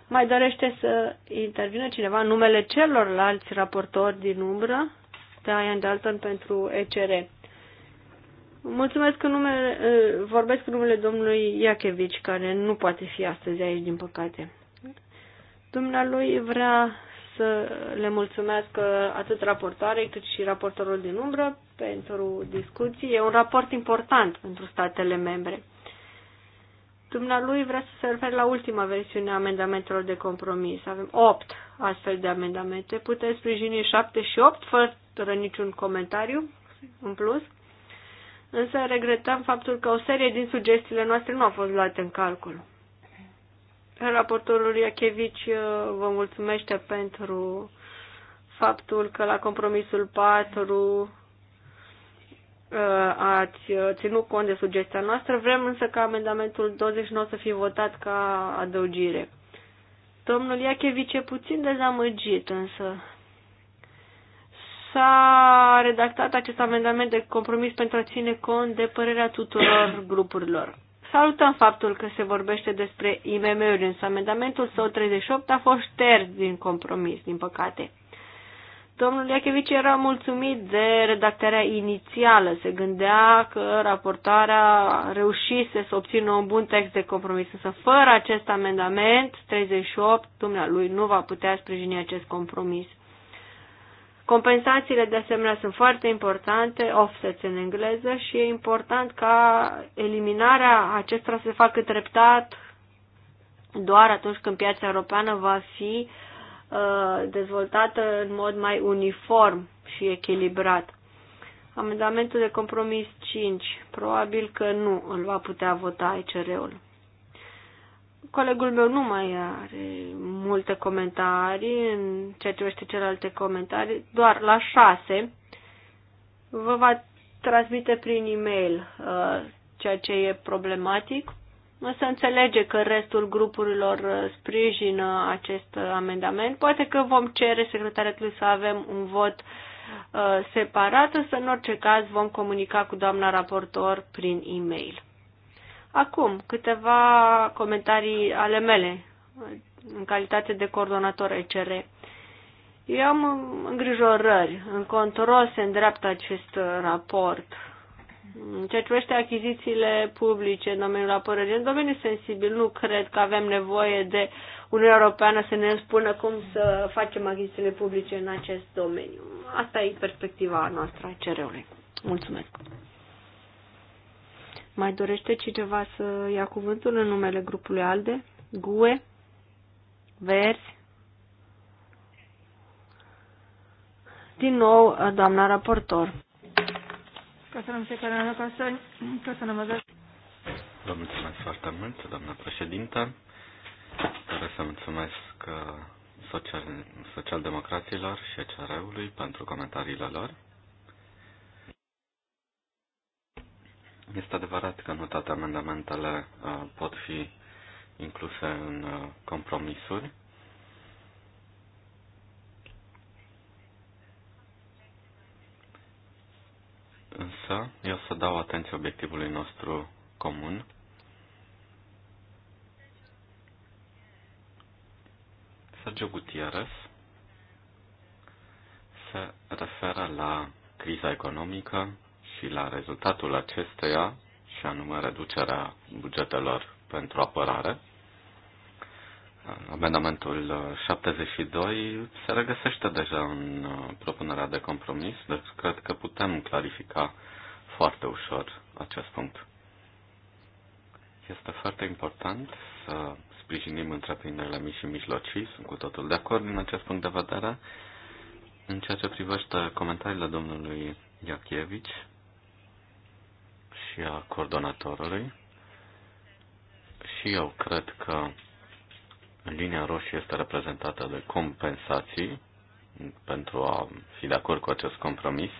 Mai dorește să intervină cineva în numele celorlalți raportori din umbră, de Ian Dalton pentru ECR. Mulțumesc că numele, vorbesc cu numele domnului Iachevici, care nu poate fi astăzi aici, din păcate. Dumnealui vrea să le mulțumesc atât raportoare cât și raportorul din umbră pentru discuții. E un raport important pentru statele membre. Dumnealui vrea să se refere la ultima versiune a amendamentelor de compromis. Avem 8 astfel de amendamente. Puteți sprijini 7 și 8 fără niciun comentariu în plus însă regretăm faptul că o serie din sugestiile noastre nu au fost luate în calcul. Raportorul Iachevici uh, vă mulțumește pentru faptul că la compromisul 4 uh, ați uh, ținut cont de sugestia noastră. Vrem însă ca amendamentul 29 să fie votat ca adăugire. Domnul Iachevici e puțin dezamăgit, însă s-a redactat acest amendament de compromis pentru a ține cont de părerea tuturor grupurilor. Salutăm faptul că se vorbește despre IMM-uri, însă amendamentul său 38 a fost șters din compromis, din păcate. Domnul Iachevici era mulțumit de redactarea inițială. Se gândea că raportarea reușise să obțină un bun text de compromis, însă fără acest amendament 38, dumnealui nu va putea sprijini acest compromis. Compensațiile de asemenea sunt foarte importante, offsets în engleză, și e important ca eliminarea acestora să se facă treptat doar atunci când piața europeană va fi uh, dezvoltată în mod mai uniform și echilibrat. Amendamentul de compromis 5. Probabil că nu îl va putea vota ECR-ul. Colegul meu nu mai are multe comentarii în ceea ce vește celelalte comentarii, doar la șase vă va transmite prin e-mail uh, ceea ce e problematic. Să înțelege că restul grupurilor uh, sprijină acest uh, amendament. Poate că vom cere secretariatului să avem un vot uh, separat, însă în orice caz vom comunica cu doamna raportor prin e-mail. Acum, câteva comentarii ale mele în calitate de coordonator ECR. Eu am îngrijorări. În control se îndreaptă acest raport. În ceea ce privește achizițiile publice în domeniul apărării, în domeniul sensibil, nu cred că avem nevoie de Uniunea Europeană să ne spună cum să facem achizițiile publice în acest domeniu. Asta e perspectiva noastră a CR-ului. Mulțumesc! Mai dorește cineva să ia cuvântul în numele grupului ALDE? GUE? Verzi? Din nou, doamna raportor. Ca să nu ca să, ca să nu mă Vă mulțumesc foarte mult, doamna președintă. vreau să mulțumesc uh, social, social și ECR-ului pentru comentariile lor. Este adevărat că nu toate amendamentele uh, pot fi incluse în uh, compromisuri. Însă, eu să dau atenție obiectivului nostru comun. Sergio Gutierrez se referă la criza economică, și la rezultatul acesteia, și anume reducerea bugetelor pentru apărare. Amendamentul 72 se regăsește deja în uh, propunerea de compromis, deci cred că putem clarifica foarte ușor acest punct. Este foarte important să sprijinim întreprinderile mici și mijlocii, sunt cu totul de acord din acest punct de vedere. În ceea ce privește comentariile domnului Iachievici, și a coordonatorului. Și eu cred că linia roșie este reprezentată de compensații pentru a fi de acord cu acest compromis,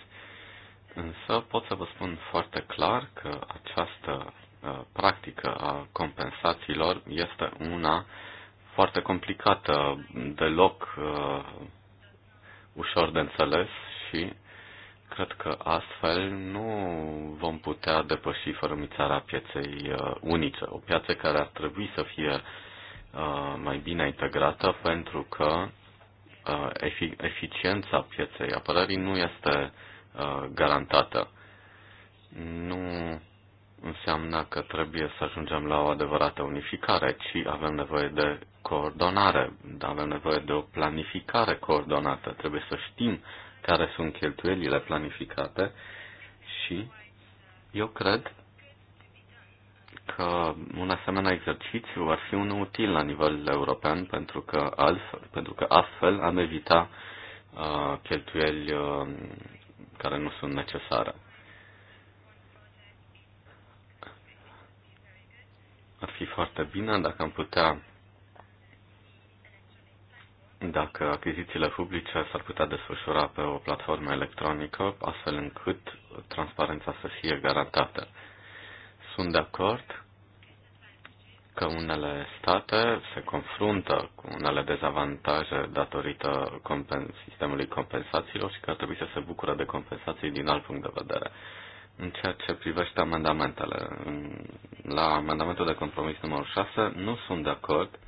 însă pot să vă spun foarte clar că această ă, practică a compensațiilor este una foarte complicată, deloc uh, ușor de înțeles și Cred că astfel nu vom putea depăși fărămițarea pieței uh, unice, o piață care ar trebui să fie uh, mai bine integrată pentru că uh, eficiența pieței apărării nu este garantată. Nu înseamnă că trebuie să ajungem la o adevărată unificare, ci avem nevoie de coordonare, avem nevoie de o planificare coordonată. Trebuie să știm care sunt cheltuielile planificate și eu cred că un asemenea exercițiu ar fi unul util la nivel european pentru că, altfel, pentru că astfel am evita uh, cheltuieli uh, care nu sunt necesare. Ar fi foarte bine dacă am putea dacă achizițiile publice s-ar putea desfășura pe o platformă electronică, astfel încât transparența să fie garantată. Sunt de acord că unele state se confruntă cu unele dezavantaje datorită compen- sistemului compensațiilor și că ar trebui să se bucură de compensații din alt punct de vedere. În ceea ce privește amendamentele, la amendamentul de compromis numărul 6 nu sunt de acord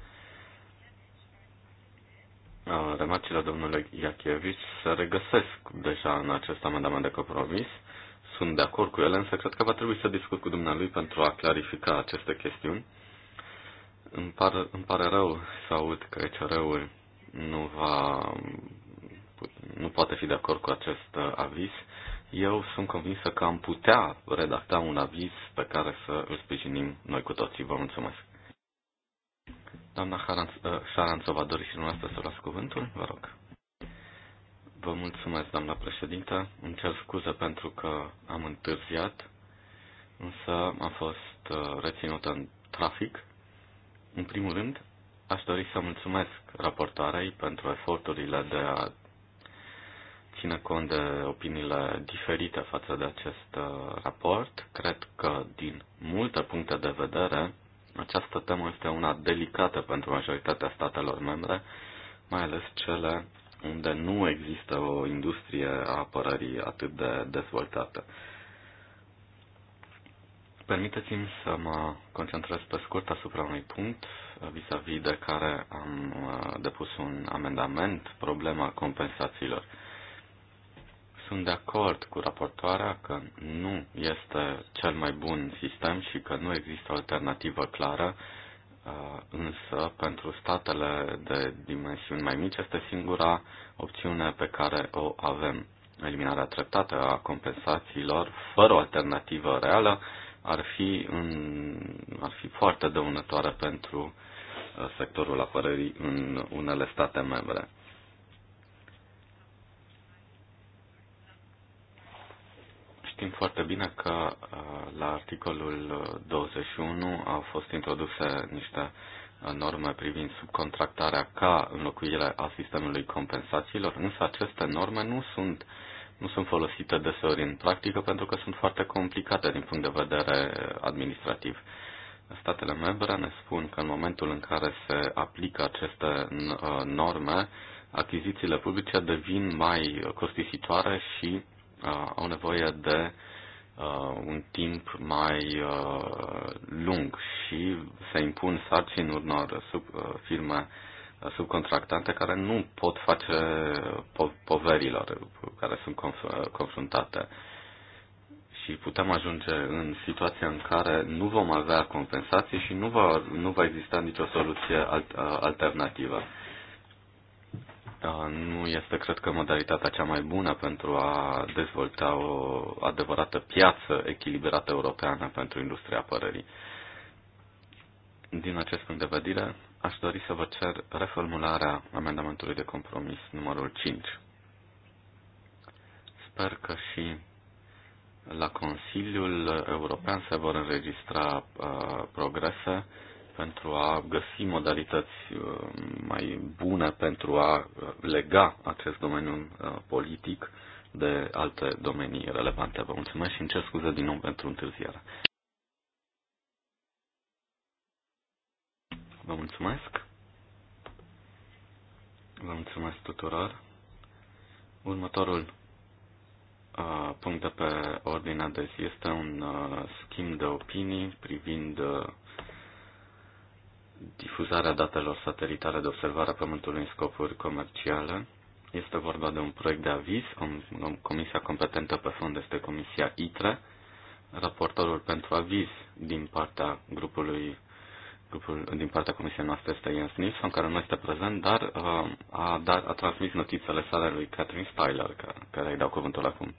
Uh, remarcile domnului Iachievici se regăsesc deja în acest amendament de compromis. Sunt de acord cu ele, însă cred că va trebui să discut cu dumnealui pentru a clarifica aceste chestiuni. Îmi pare, îmi pare rău să aud că ECR-ul nu, va, nu poate fi de acord cu acest uh, aviz. Eu sunt convinsă că am putea redacta un aviz pe care să îl sprijinim noi cu toții. Vă mulțumesc. Doamna uh, Șaranțova, doriți și noastră să luați cuvântul? Vă rog. Vă mulțumesc, doamna președintă. Îmi cer scuze pentru că am întârziat, însă am fost uh, reținut în trafic. În primul rând, aș dori să mulțumesc raportarei pentru eforturile de a ține cont de opiniile diferite față de acest uh, raport. Cred că, din multe puncte de vedere, această temă este una delicată pentru majoritatea statelor membre, mai ales cele unde nu există o industrie a apărării atât de dezvoltată. Permiteți-mi să mă concentrez pe scurt asupra unui punct vis-a-vis -vis de care am uh, depus un amendament, problema compensațiilor. Sunt de acord cu raportoarea că nu este cel mai bun sistem și că nu există o alternativă clară, uh, însă pentru statele de dimensiuni mai mici este singura opțiune pe care o avem. Eliminarea treptată a compensațiilor fără o alternativă reală ar fi, în, ar fi foarte dăunătoare pentru uh, sectorul apărării în unele state membre. Știm foarte bine că uh, la articolul 21 au fost introduse niște uh, norme privind subcontractarea ca înlocuire a sistemului compensațiilor, însă aceste norme nu sunt, nu sunt folosite deseori în practică pentru că sunt foarte complicate din punct de vedere administrativ. Statele membre ne spun că în momentul în care se aplică aceste uh, norme, achizițiile publice devin mai costisitoare și au nevoie de uh, un timp mai uh, lung și se impun sarcini unor sub, uh, firme subcontractante care nu pot face po- poverilor care sunt conf- confruntate. Și putem ajunge în situația în care nu vom avea compensații și nu va, nu va exista nicio soluție alt, alternativă. Da, nu este, cred că, modalitatea cea mai bună pentru a dezvolta o adevărată piață echilibrată europeană pentru industria apărării. Din acest punct de vedere, aș dori să vă cer reformularea amendamentului de compromis numărul 5. Sper că și la Consiliul European se vor înregistra uh, progrese pentru a găsi modalități uh, mai bune pentru a uh, lega acest domeniu uh, politic de alte domenii relevante. Vă mulțumesc și îmi cer scuze din nou pentru întârziere. Vă mulțumesc. Vă mulțumesc tuturor. Următorul uh, punct de pe ordinea de zi este un uh, schimb de opinii privind uh, difuzarea datelor satelitare de observare a Pământului în scopuri comerciale. Este vorba de un proiect de aviz. Comisia competentă pe fond este Comisia ITRE. Raportorul pentru aviz din partea grupului grupul, din partea comisiei noastre este Jens Nilsson, care nu este prezent, dar uh, a, dar, a transmis notițele sale lui Catherine Styler, care, care îi dau cuvântul acum.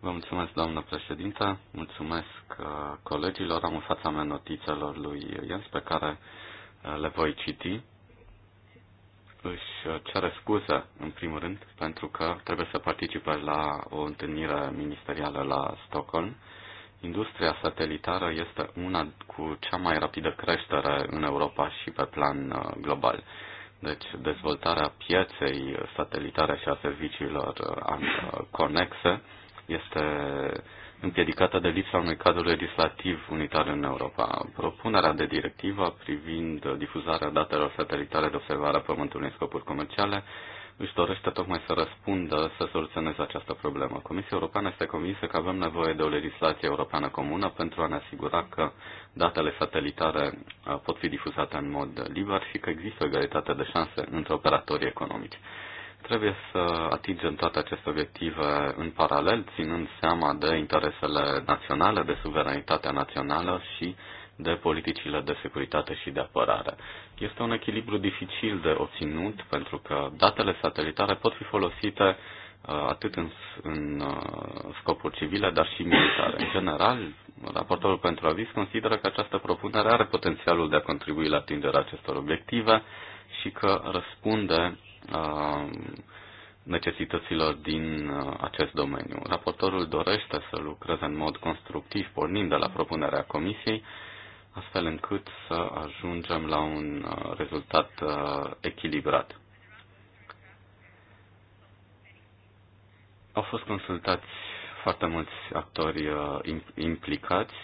Vă mulțumesc, doamnă președintă, mulțumesc uh, colegilor. Am în fața mea notițelor lui Jens pe care uh, le voi citi. Își uh, cere scuze, în primul rând, pentru că trebuie să participe la o întâlnire ministerială la Stockholm. Industria satelitară este una cu cea mai rapidă creștere în Europa și pe plan global. Deci dezvoltarea pieței satelitare și a serviciilor conexe este împiedicată de lipsa unui cadru legislativ unitar în Europa. Propunerea de directivă privind difuzarea datelor satelitare de observare a Pământului în scopuri comerciale își dorește tocmai să răspundă, să soluționeze această problemă. Comisia Europeană este convinsă că avem nevoie de o legislație europeană comună pentru a ne asigura că datele satelitare uh, pot fi difuzate în mod liber și că există egalitate de șanse între operatorii economici. Trebuie să atingem toate aceste obiective în paralel, ținând seama de interesele naționale, de suveranitatea națională și de politicile de securitate și de apărare. Este un echilibru dificil de obținut pentru că datele satelitare pot fi folosite uh, atât în, în uh, scopuri civile, dar și militare. În general, raportorul pentru aviz consideră că această propunere are potențialul de a contribui la atingerea acestor obiective și că răspunde Uh, necesităților din uh, acest domeniu. Raportorul dorește să lucreze în mod constructiv, pornind de la propunerea Comisiei, astfel încât să ajungem la un uh, rezultat echilibrat. Au fost consultați foarte mulți actori implicați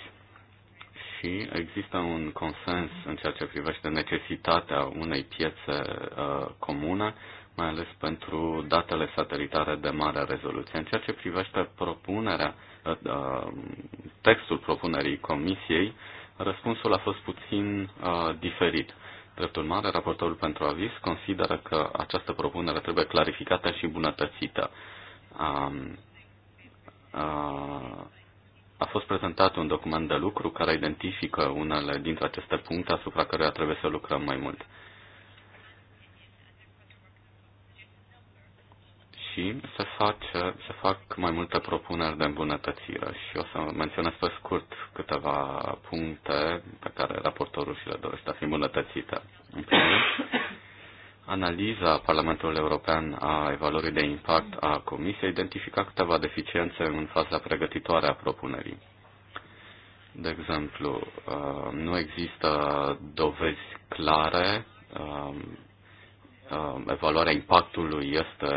și există un consens în ceea ce privește necesitatea unei piețe uh, comune, mai ales pentru datele satelitare de mare rezoluție. În ceea ce privește propunerea, uh, uh textul propunerii comisiei, răspunsul a fost puțin uh, diferit. Drept urmare, raportorul pentru aviz consideră că această propunere trebuie clarificată și bunătățită. Um, uh, a fost prezentat un document de lucru care identifică unele dintre aceste puncte asupra căruia trebuie să lucrăm mai mult. și se, face, se fac mai multe propuneri de îmbunătățire și o să menționez pe scurt câteva puncte pe care raportorul și le dorește a fi îmbunătățită. În primul Analiza Parlamentului European a evaluării de impact a Comisiei identifica câteva deficiențe în faza pregătitoare a propunerii. De exemplu, uh, nu există dovezi clare, um, um, evaluarea impactului este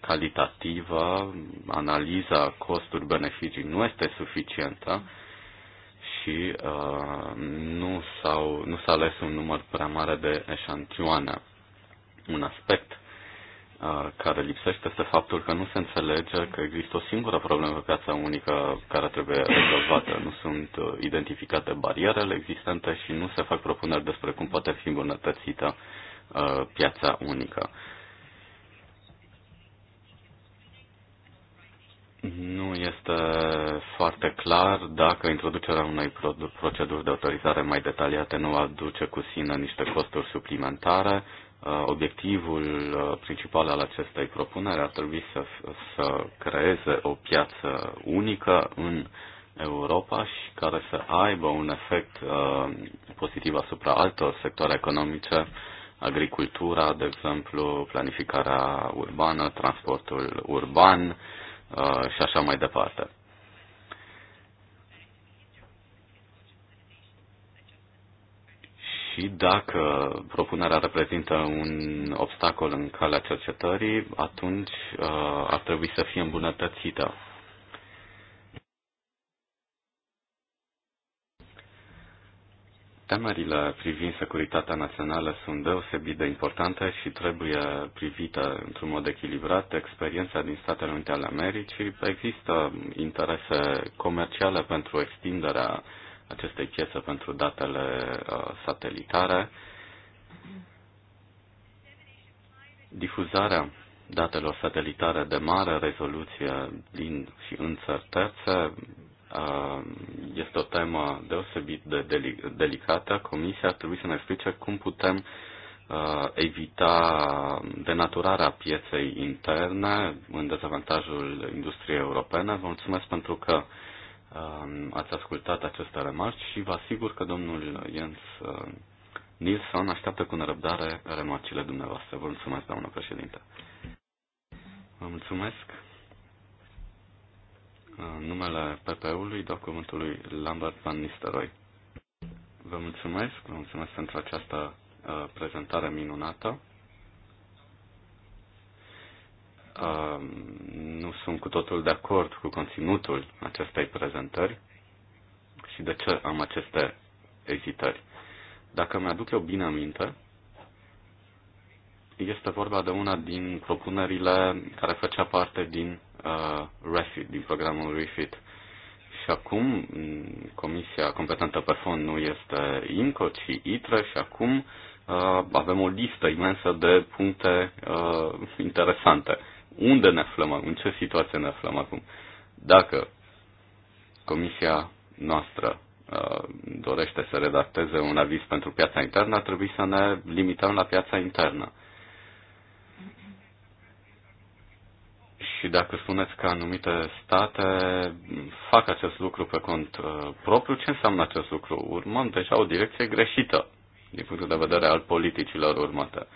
calitativă, analiza costuri-beneficii nu este suficientă și uh, nu, s nu s-a ales un număr prea mare de eșantioane un aspect uh, care lipsește este faptul că nu se înțelege că există o singură problemă pe piața unică care trebuie rezolvată. Nu sunt uh, identificate barierele existente și nu se fac propuneri despre cum poate fi îmbunătățită uh, piața unică. Nu este foarte clar dacă introducerea unei proceduri de autorizare mai detaliate nu aduce cu sine niște costuri suplimentare Uh, obiectivul uh, principal al acestei propuneri ar trebui să, să creeze o piață unică în Europa și care să aibă un efect uh, pozitiv asupra altor sectoare economice, agricultura, de exemplu, planificarea urbană, transportul urban uh, și așa mai departe. și dacă propunerea reprezintă un obstacol în calea cercetării, atunci uh, ar trebui să fie îmbunătățită. Temerile privind securitatea națională sunt deosebit de importante și trebuie privită într-un mod echilibrat. Experiența din Statele Unite ale Americii există interese comerciale pentru extinderea uh, aceste piese pentru datele uh, satelitare. Difuzarea datelor satelitare de mare rezoluție din și în țări terțe uh, este o temă deosebit de delicată. Comisia ar trebui să ne explice cum putem uh, evita denaturarea pieței interne în dezavantajul industriei europene. Vă mulțumesc pentru că Um, ați ascultat aceste remarci și vă asigur că domnul Jens uh, Nilsson așteaptă cu nerăbdare remarcile dumneavoastră. Vă mulțumesc, doamnă președinte. Vă mulțumesc. Uh, numele PP-ului, dau cuvântul lui Lambert Van Nistelrooy. Vă mulțumesc, vă mulțumesc pentru această uh, prezentare minunată. Um, nu sunt cu totul de acord cu conținutul acestei prezentări și de ce am aceste ezitări. Dacă mi-aduc eu bine aminte, este vorba de una din propunerile care făcea parte din uh, REFIT, din programul REFIT. Și acum comisia competentă pe fond nu este INCO, ci ITRE și acum uh, avem o listă imensă de puncte uh, interesante. Uh, unde ne aflăm acum, în ce situație ne aflăm acum. Dacă comisia noastră uh, dorește să redacteze un aviz pentru piața internă, ar trebui să ne limităm la piața internă. Și dacă spuneți că anumite state fac acest lucru pe cont uh, propriu, ce înseamnă acest lucru? Urmăm deja o direcție greșită din punctul de vedere al politicilor urmate.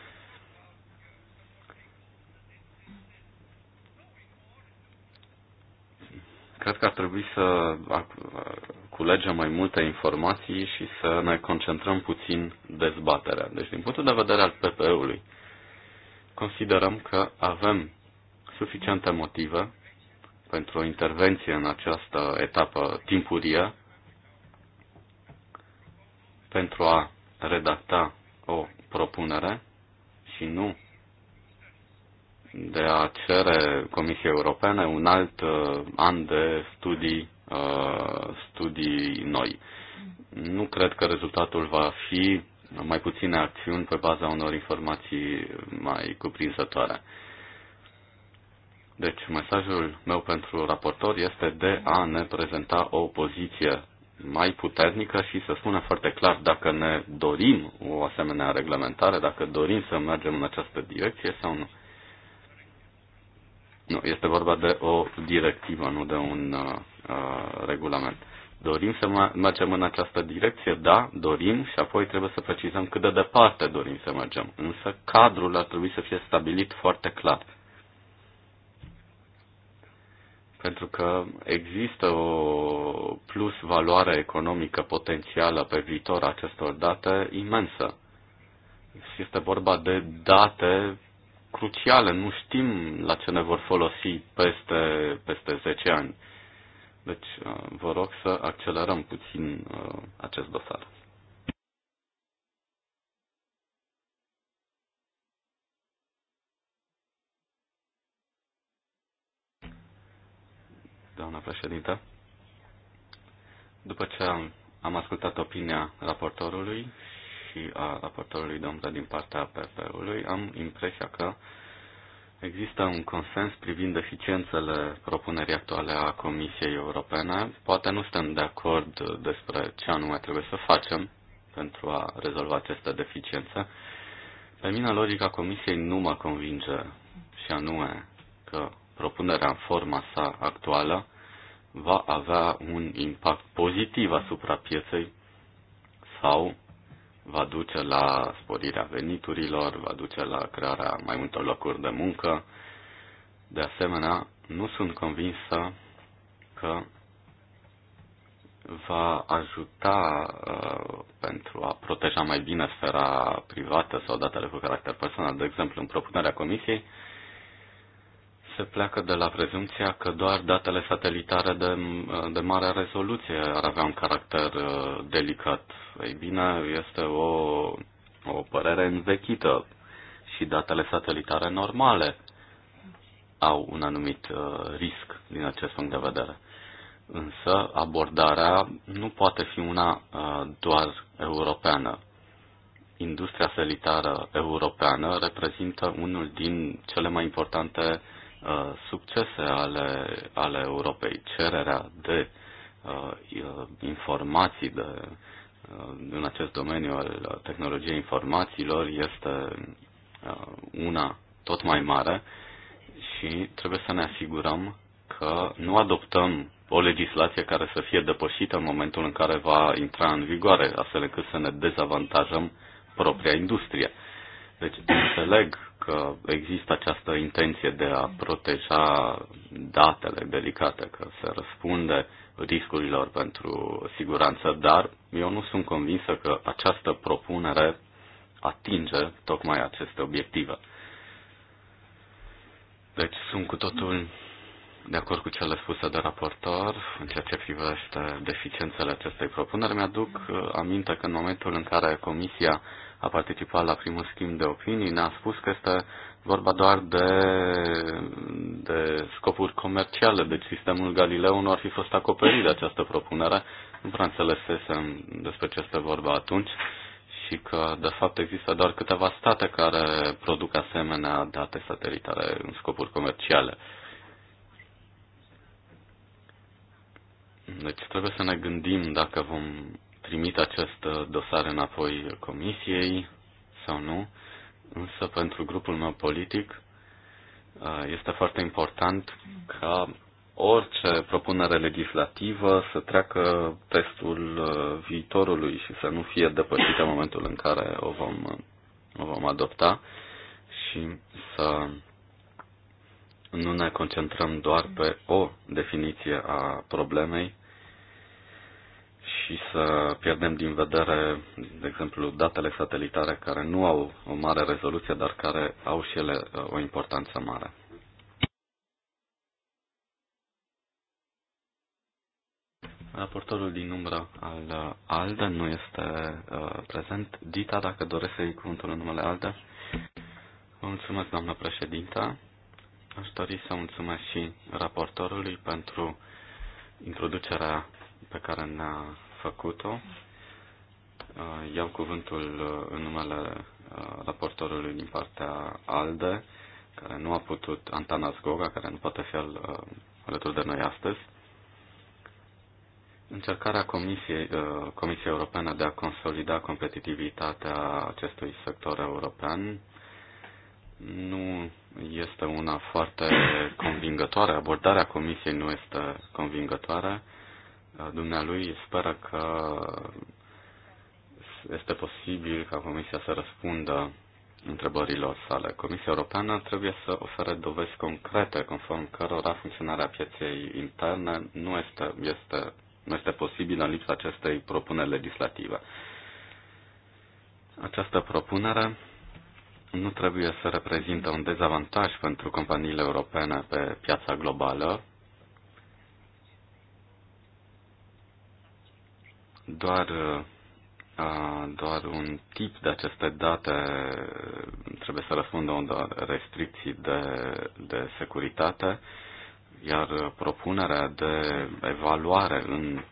Cred că ar trebui să culegem mai multe informații și să ne concentrăm puțin dezbaterea. Deci, din punctul de vedere al PPE-ului, considerăm că avem suficiente motive pentru o intervenție în această etapă timpurie pentru a redacta o propunere și nu de a cere Comisiei Europene un alt uh, an de studii, uh, studii noi. Nu cred că rezultatul va fi mai puține acțiuni pe baza unor informații mai cuprinzătoare. Deci, mesajul meu pentru raportor este de a ne prezenta o poziție mai puternică și să spună foarte clar dacă ne dorim o asemenea reglementare, dacă dorim să mergem în această direcție sau nu. Nu, este vorba de o directivă, nu de un uh, uh regulament. Dorim să mergem în această direcție? Da, dorim și apoi trebuie să precizăm cât de departe dorim să mergem. Însă cadrul ar trebui să fie stabilit foarte clar. Pentru că există o plus valoare economică potențială pe viitor acestor date imensă. Este vorba de date cruciale, nu știm la ce ne vor folosi peste, peste 10 ani. Deci uh, vă rog să accelerăm puțin uh, acest dosar. Doamna președintă, după ce am, am ascultat opinia raportorului și a raportorului Domnul din partea PP-ului, am impresia că există un consens privind deficiențele propunerii actuale a Comisiei Europene. Poate nu suntem de acord despre ce anume trebuie să facem pentru a rezolva aceste deficiențe. Pe mine logica Comisiei nu mă convinge și anume că propunerea în forma sa actuală va avea un impact pozitiv asupra pieței sau va duce la sporirea veniturilor, va duce la crearea mai multor locuri de muncă. De asemenea, nu sunt convinsă că va ajuta uh, pentru a proteja mai bine sfera privată sau datele cu caracter personal. De exemplu, în propunerea comisiei, uh, se pleacă de la prezumția că doar datele satelitare de, de mare rezoluție ar avea un caracter uh, delicat. Ei bine, este o, o părere învechită și datele satelitare normale au un anumit uh, risc din acest punct de vedere. Însă abordarea nu poate fi una uh, doar europeană industria satelitară europeană reprezintă unul din cele mai importante Uh, succese ale, ale Europei. Cererea de uh, uh, informații de, în acest domeniu al tehnologiei informațiilor este una tot mai mare și trebuie să ne asigurăm că nu adoptăm o legislație care să fie depășită în momentul în care va intra în vigoare, astfel încât să ne dezavantajăm propria industrie. Deci înțeleg că există această intenție de a proteja datele delicate, că se răspunde riscurilor pentru siguranță, dar eu nu sunt convinsă că această propunere atinge tocmai aceste obiective. Deci sunt cu totul de acord cu cele spuse de raportor, în ceea ce privește deficiențele acestei propuneri, mi-aduc uh, aminte că în momentul în care Comisia a participat la primul schimb de opinii, ne-a spus că este vorba doar de, de scopuri comerciale, deci sistemul Galileo nu ar fi fost acoperit de această propunere. Nu prea înțelesesem despre ce este vorba atunci și că, de fapt, există doar câteva state care produc asemenea date satelitare în scopuri comerciale. Deci trebuie să ne gândim dacă vom trimit acest uh, dosar înapoi comisiei sau nu, însă pentru grupul meu politic uh, este foarte important ca orice propunere legislativă să treacă testul uh, viitorului și să nu fie depășită în momentul în care o vom, o vom adopta și să nu ne concentrăm doar pe o definiție a problemei, și să pierdem din vedere, de exemplu, datele satelitare care nu au o mare rezoluție, dar care au și ele uh, o importanță mare. Raportorul din umbră al uh, ALDE nu este uh, prezent. Dita, dacă doresc să iei cuvântul în numele ALDE. Vă mulțumesc, doamnă președinte. Aș dori să mulțumesc și raportorului pentru introducerea pe care ne-a făcut-o. Uh, iau cuvântul uh, în numele uh, raportorului din partea ALDE, care nu a putut, Antana Zgoga, care nu poate fi al, alături de noi astăzi. Încercarea Comisiei, Comisiei Europene de a consolida competitivitatea acestui sector european nu este una foarte convingătoare. Abordarea Comisiei nu este convingătoare dumnealui speră că este posibil ca Comisia să răspundă întrebărilor sale. Comisia Europeană trebuie să ofere dovezi concrete conform cărora funcționarea pieței interne nu este, este, nu este posibilă în lipsa acestei propuneri legislative. Această propunere nu trebuie să reprezintă un dezavantaj pentru companiile europene pe piața globală, doar, doar un tip de aceste date trebuie să răspundă unor restricții de, de securitate, iar propunerea de evaluare în,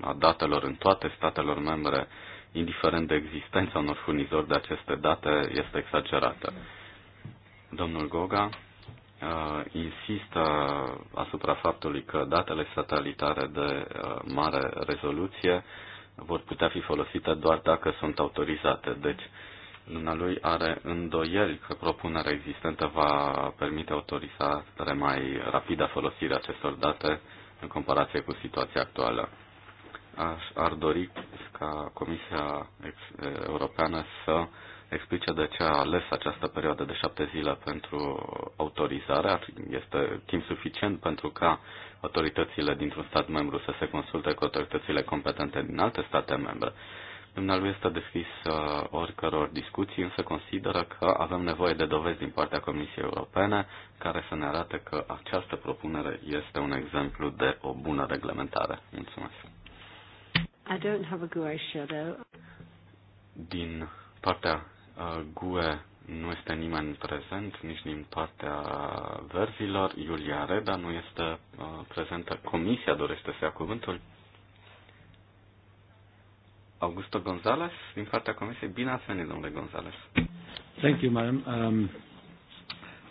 a datelor în toate statelor membre, indiferent de existența unor furnizori de aceste date, este exagerată. Domnul Goga uh, insistă asupra faptului că datele satelitare de uh, mare rezoluție vor putea fi folosite doar dacă sunt autorizate. Deci, Luna lui are îndoieli că propunerea existentă va permite autorizarea mai rapidă a folosirii acestor date în comparație cu situația actuală. Aș, ar dori ca Comisia Europeană să explice de ce a ales această perioadă de șapte zile pentru autorizare. Este timp suficient pentru ca autoritățile dintr-un stat membru să se consulte cu autoritățile competente din alte state membre. Dumnealui este deschis uh, oricăror discuții, însă consideră că avem nevoie de dovezi din partea Comisiei Europene care să ne arate că această propunere este un exemplu de o bună reglementare. Mulțumesc. I don't have a GUI shadow. Din partea GUE nu este nimeni prezent, nici din partea verzilor. Iulia Reda nu este prezentă. Comisia dorește să ia cuvântul. Augusto González, din partea Comisiei. Bine ați venit, domnule González. Thank you, madam. Um,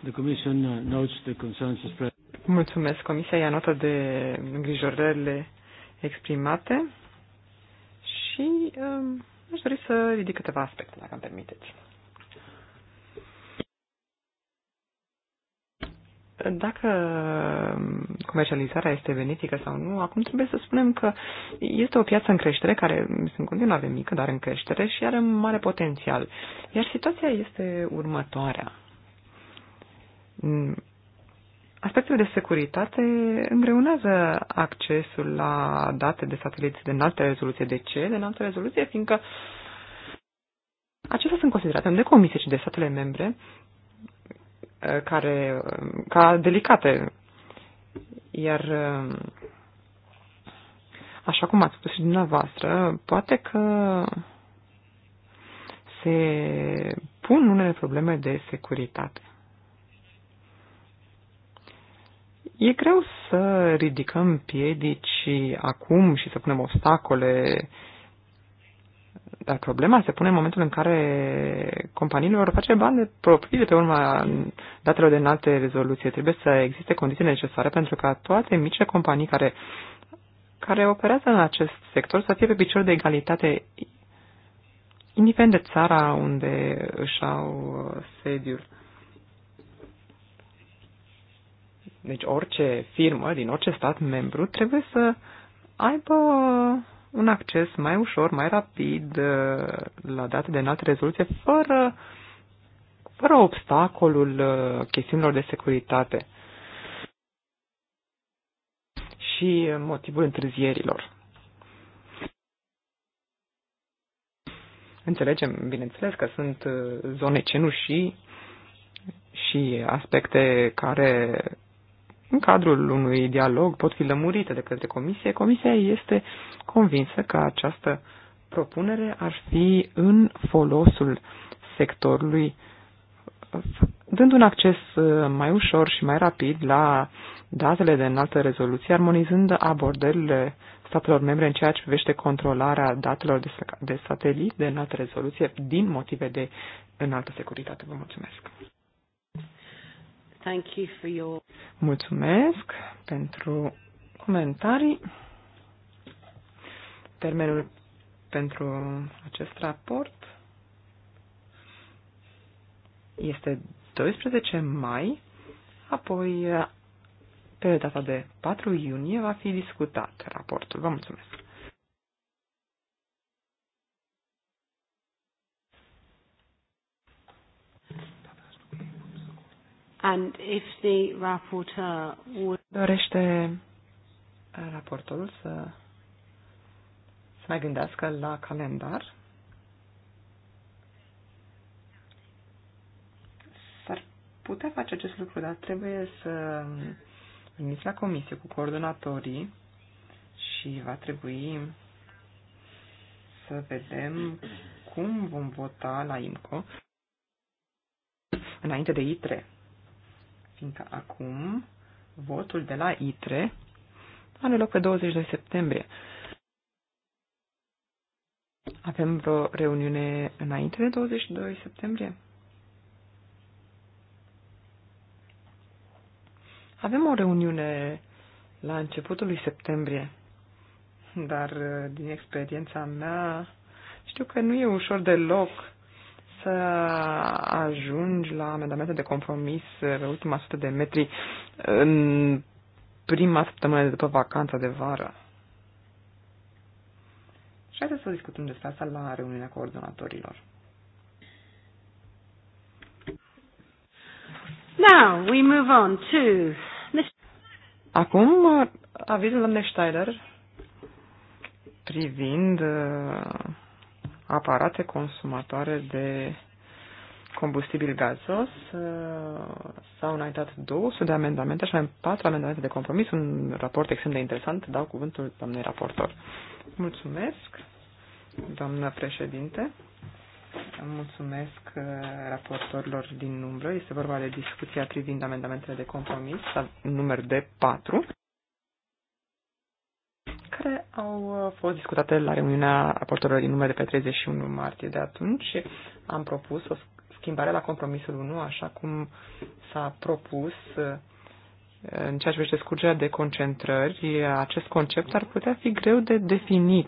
the Commission notes the concerns expressed. Mulțumesc. Comisia ia notă de îngrijorările exprimate și um, Aș dori să ridic câteva aspecte, dacă îmi permiteți. dacă comercializarea este benefică sau nu, acum trebuie să spunem că este o piață în creștere, care în continuare mică, dar în creștere și are mare potențial. Iar situația este următoarea. Aspectele de securitate îngreunează accesul la date de sateliți de înaltă rezoluție. De ce? De înaltă rezoluție, fiindcă acestea sunt considerate de comisie, și de statele membre eh, care, eh, ca delicate. Iar eh, așa cum ați spus și dumneavoastră, poate că se pun unele probleme de securitate. E greu să ridicăm piedici acum și să punem obstacole, dar problema se pune în momentul în care companiile vor face bani de proprii de pe urma datelor de înalte rezoluție. Trebuie să existe condiții necesare pentru ca toate micile companii care, care operează în acest sector să fie pe picior de egalitate indiferent de țara unde își au sediul. Deci orice firmă din orice stat membru trebuie să aibă un acces mai ușor, mai rapid uh, la date de înaltă rezoluție, fără, fără obstacolul uh, chestiunilor de securitate și uh, motivul întârzierilor. Înțelegem, bineînțeles, că sunt zone cenușii și aspecte care în cadrul unui dialog pot fi lămurite de către comisie. Comisia este convinsă că această propunere ar fi în folosul sectorului, dând un acces uh, mai ușor și mai rapid la datele de înaltă rezoluție, armonizând abordările statelor membre în ceea ce privește controlarea datelor de satelit de înaltă rezoluție din motive de înaltă securitate. Vă mulțumesc! Thank you for your... Mulțumesc pentru comentarii. Termenul pentru acest raport este 12 mai, apoi pe data de 4 iunie va fi discutat raportul. Vă mulțumesc! And if the rapporteur would... Dorește uh, raportorul să, să mai gândească la calendar. S-ar putea face acest lucru, dar trebuie să um, veniți la comisie cu coordonatorii și va trebui să vedem cum vom vota la IMCO înainte de I3 fiindcă acum votul de la ITRE are loc pe 22 septembrie. Avem vreo reuniune înainte de 22 septembrie? Avem o reuniune la începutul lui septembrie, dar din experiența mea știu că nu e ușor deloc să ajungi la amendamente de compromis pe ultima sută de metri în prima săptămână după vacanța de vară. Și haideți să discutăm despre asta la reuniunea coordonatorilor. Now we move on to Acum avizul domnului Steiner privind uh, aparate consumatoare de combustibil gazos. Uh, s-au înaintat 200 de amendamente și mai patru amendamente de compromis. Un raport extrem de interesant. Dau cuvântul doamnei raportor. Mulțumesc, doamnă președinte. Mulțumesc uh, raportorilor din umbră. Este vorba de discuția privind amendamentele de compromis, numărul de 4 care au uh, fost discutate la reuniunea raportorilor din nume de pe 31 martie. De atunci am propus o schimbare la compromisul 1, așa cum s-a propus uh, în ceea ce privește scurgerea de concentrări, acest concept ar putea fi greu de definit.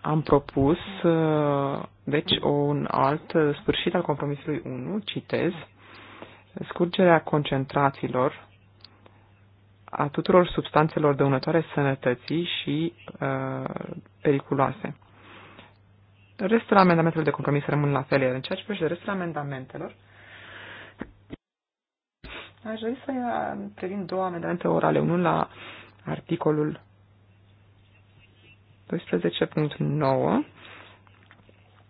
Am propus, uh, deci, un alt sfârșit al compromisului 1, citez, scurgerea concentrațiilor a tuturor substanțelor dăunătoare sănătății și uh, periculoase. Restul amendamentelor de compromis rămân la fel, iar în ceea ce privește restul amendamentelor, aș dori să uh, previn două amendamente orale, unul la articolul 12.9,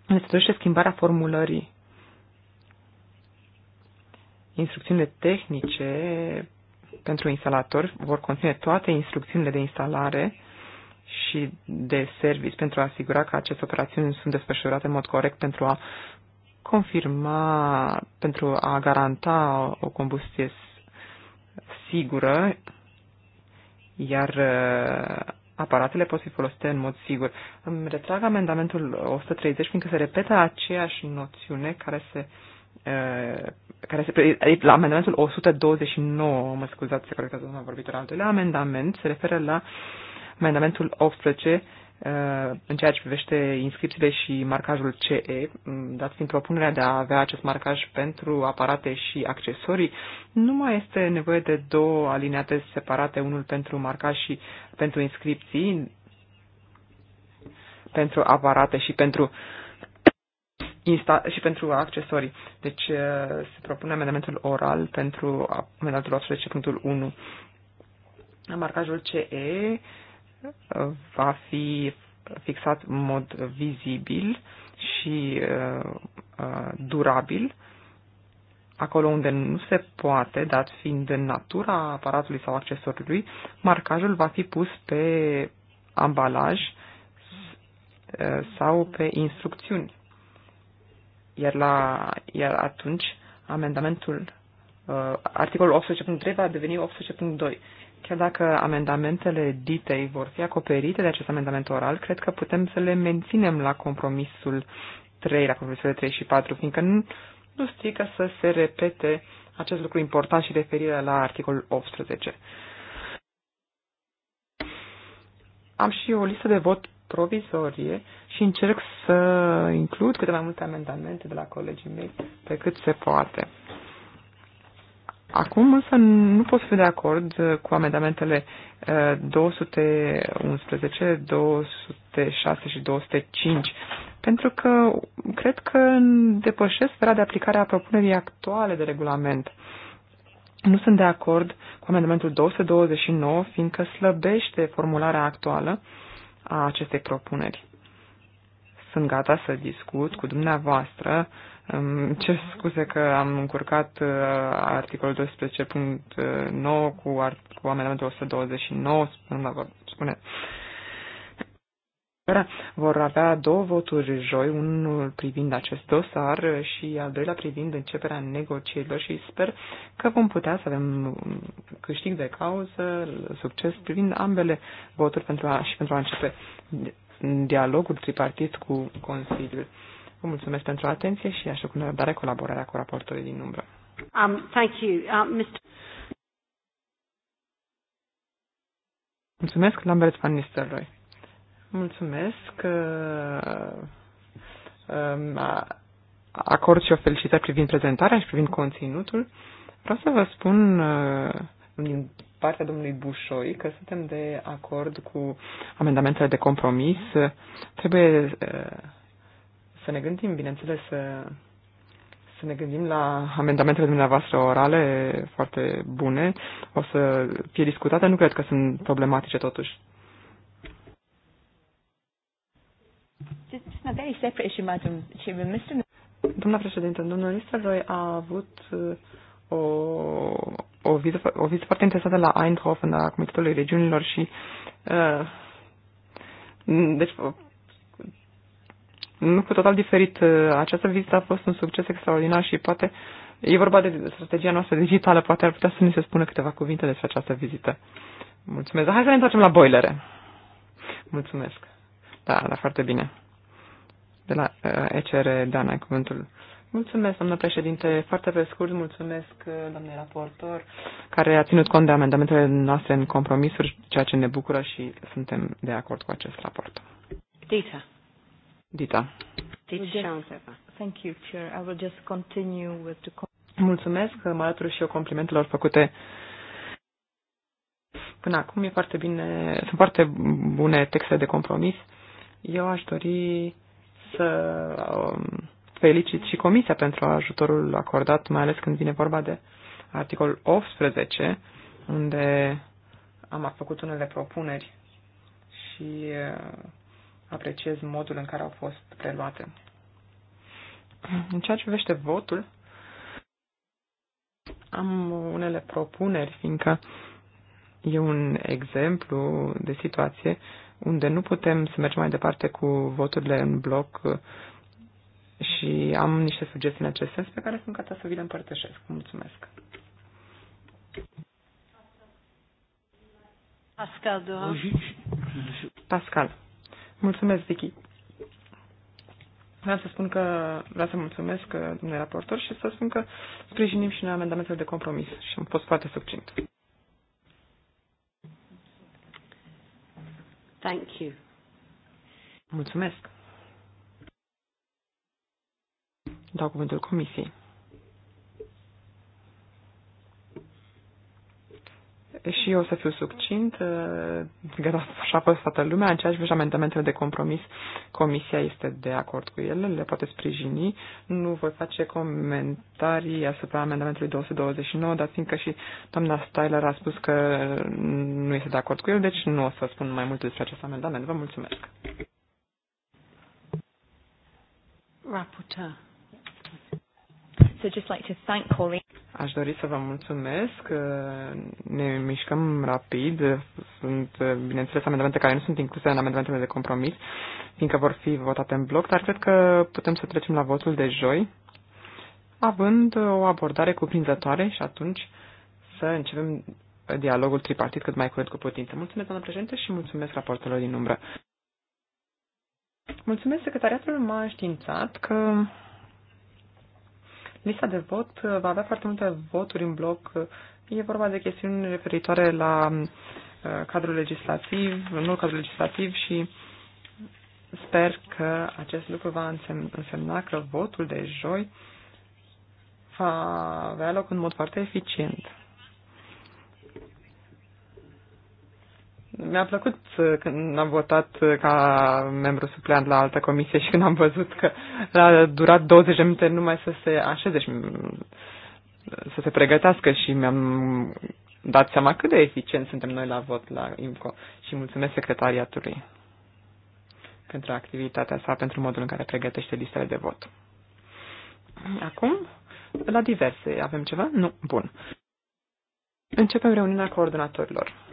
este dorește schimbarea formulării. Instrucțiunile tehnice pentru instalator vor conține toate instrucțiunile de instalare și de service pentru a asigura că aceste operațiuni sunt desfășurate în mod corect pentru a confirma, pentru a garanta o combustie sigură, iar uh, aparatele pot fi folosite în mod sigur. Îmi retrag amendamentul 130, fiindcă se repetă aceeași noțiune care se uh, care se, la amendamentul 129, mă scuzați, se corectează vorbit vorbitor, altul. La amendament se referă la amendamentul 18 uh, în ceea ce privește inscripțiile și marcajul CE, mm, dat fiind propunerea de a avea acest marcaj pentru aparate și accesorii, nu mai este nevoie de două alineate separate, unul pentru marcaj și pentru inscripții, pentru aparate și pentru uh, insta- și pentru accesorii. Deci uh, se propune amendamentul oral pentru amendamentul 18.1. Marcajul CE uh, va fi fixat în mod vizibil și uh, durabil acolo unde nu se poate, dat fiind în natura aparatului sau accesoriului, marcajul va fi pus pe ambalaj sau pe instrucțiuni. Iar, la, iar atunci amendamentul, uh, articolul 18.3 va deveni 18.2. Chiar dacă amendamentele ditei vor fi acoperite de acest amendament oral, cred că putem să le menținem la compromisul 3, la compromisul 3 și 4, fiindcă nu, nu strică să se repete acest lucru important și referirea la articolul 18. Am și o listă de vot provizorie și încerc să includ câte mai multe amendamente de la colegii mei pe cât se poate. Acum însă nu pot fi de acord cu amendamentele 211, uh, 206 și 205, pentru că cred că depășesc sfera de aplicare a propunerii actuale de regulament. Nu sunt de acord cu amendamentul 229, fiindcă slăbește formularea actuală a acestei propuneri. Sunt gata să discut cu dumneavoastră. Ce scuze că am încurcat uh, articolul 12.9 uh, cu, cu amendamentul 129, spune, era, vor avea două voturi joi, unul privind acest dosar și al doilea privind începerea negocierilor și sper că vom putea să avem câștig de cauză, succes privind ambele voturi pentru a, și pentru a începe dialogul tripartit cu Consiliul. Vă mulțumesc pentru atenție și aștept cu nerăbdare colaborarea cu raportorii din umbră. Um, thank you. Uh, Mr. Mulțumesc, Lambert Van Nistelrooy. Mulțumesc. Uh, um, acord și o felicitare privind prezentarea și privind conținutul. Vreau să vă spun uh, din partea domnului Bușoi că suntem de acord cu amendamentele de compromis. Trebuie uh, să ne gândim, bineînțeles, să, să ne gândim la amendamentele dumneavoastră orale foarte bune. O să fie discutate, nu cred că sunt problematice totuși. Doamna președintă, domnul Roy a avut uh, o, o, vizită, o vizită foarte interesată la Eindhoven, la Comitetului Regiunilor și uh, deci nu lucru total diferit. Uh, această vizită a fost un succes extraordinar și poate e vorba de strategia noastră digitală, poate ar putea să ne se spună câteva cuvinte despre această vizită. Mulțumesc. Hai să ne întoarcem la boilere. Mulțumesc. Da, da, foarte bine de la uh, ECR, Dana, cuvântul. Mulțumesc, doamnă președinte. Foarte pe scurt, mulțumesc, uh, doamne raportor, care a ținut cont de amendamentele noastre în compromisuri, ceea ce ne bucură și suntem de acord cu acest raport. Dita. Dita. Mulțumesc, mă alătur și eu complimentelor făcute până acum. E foarte bine, sunt foarte bune texte de compromis. Eu aș dori să um, felicit și Comisia pentru ajutorul acordat, mai ales când vine vorba de articolul 18, unde am făcut unele propuneri și uh, apreciez modul în care au fost preluate. În ceea ce privește votul, am unele propuneri, fiindcă e un exemplu de situație unde nu putem să mergem mai departe cu voturile în bloc uh, și am niște sugestii în acest sens pe care sunt gata să vi le împărtășesc. Mulțumesc! Pascal, doamne. Pascal. Mulțumesc, Vicky. Vreau să spun că vreau să mulțumesc uh, domnului raportor și să spun că sprijinim și noi amendamentele de compromis și am fost foarte succint. Thank you. Mulțumesc. Documentul comisiei. și eu o să fiu succint, uh, gata, așa pe toată lumea, în ceea ce amendamentele de compromis, comisia este de acord cu ele, le poate sprijini. Nu voi face comentarii asupra amendamentului 229, dar fiindcă și doamna Styler a spus că nu este de acord cu el, deci nu o să spun mai multe despre acest amendament. Vă mulțumesc. Raporteur. So just like to thank Pauline. Aș dori să vă mulțumesc. Ne mișcăm rapid. Sunt, bineînțeles, amendamente care nu sunt incluse în amendamentele de compromis, fiindcă vor fi votate în bloc, dar cred că putem să trecem la votul de joi, având o abordare cuprinzătoare și atunci să începem dialogul tripartit cât mai curând cu putință. Mulțumesc, doamnă președinte, și mulțumesc raportelor din umbră. Mulțumesc, secretariatul m-a științat că Lista de vot uh, va avea foarte multe voturi în bloc. Uh, e vorba de chestiuni referitoare la uh, cadrul legislativ, nu cadrul legislativ și sper că acest lucru va însemna că votul de joi va avea loc în mod foarte eficient. mi-a plăcut uh, când am votat uh, ca membru supleant la altă comisie și când am văzut că a durat 20 de minute numai să se așeze și uh, să se pregătească și mi-am dat seama cât de eficient suntem noi la vot la IMCO și mulțumesc secretariatului pentru activitatea sa, pentru modul în care pregătește listele de vot. Acum, la diverse, avem ceva? Nu? Bun. Începem reuniunea coordonatorilor.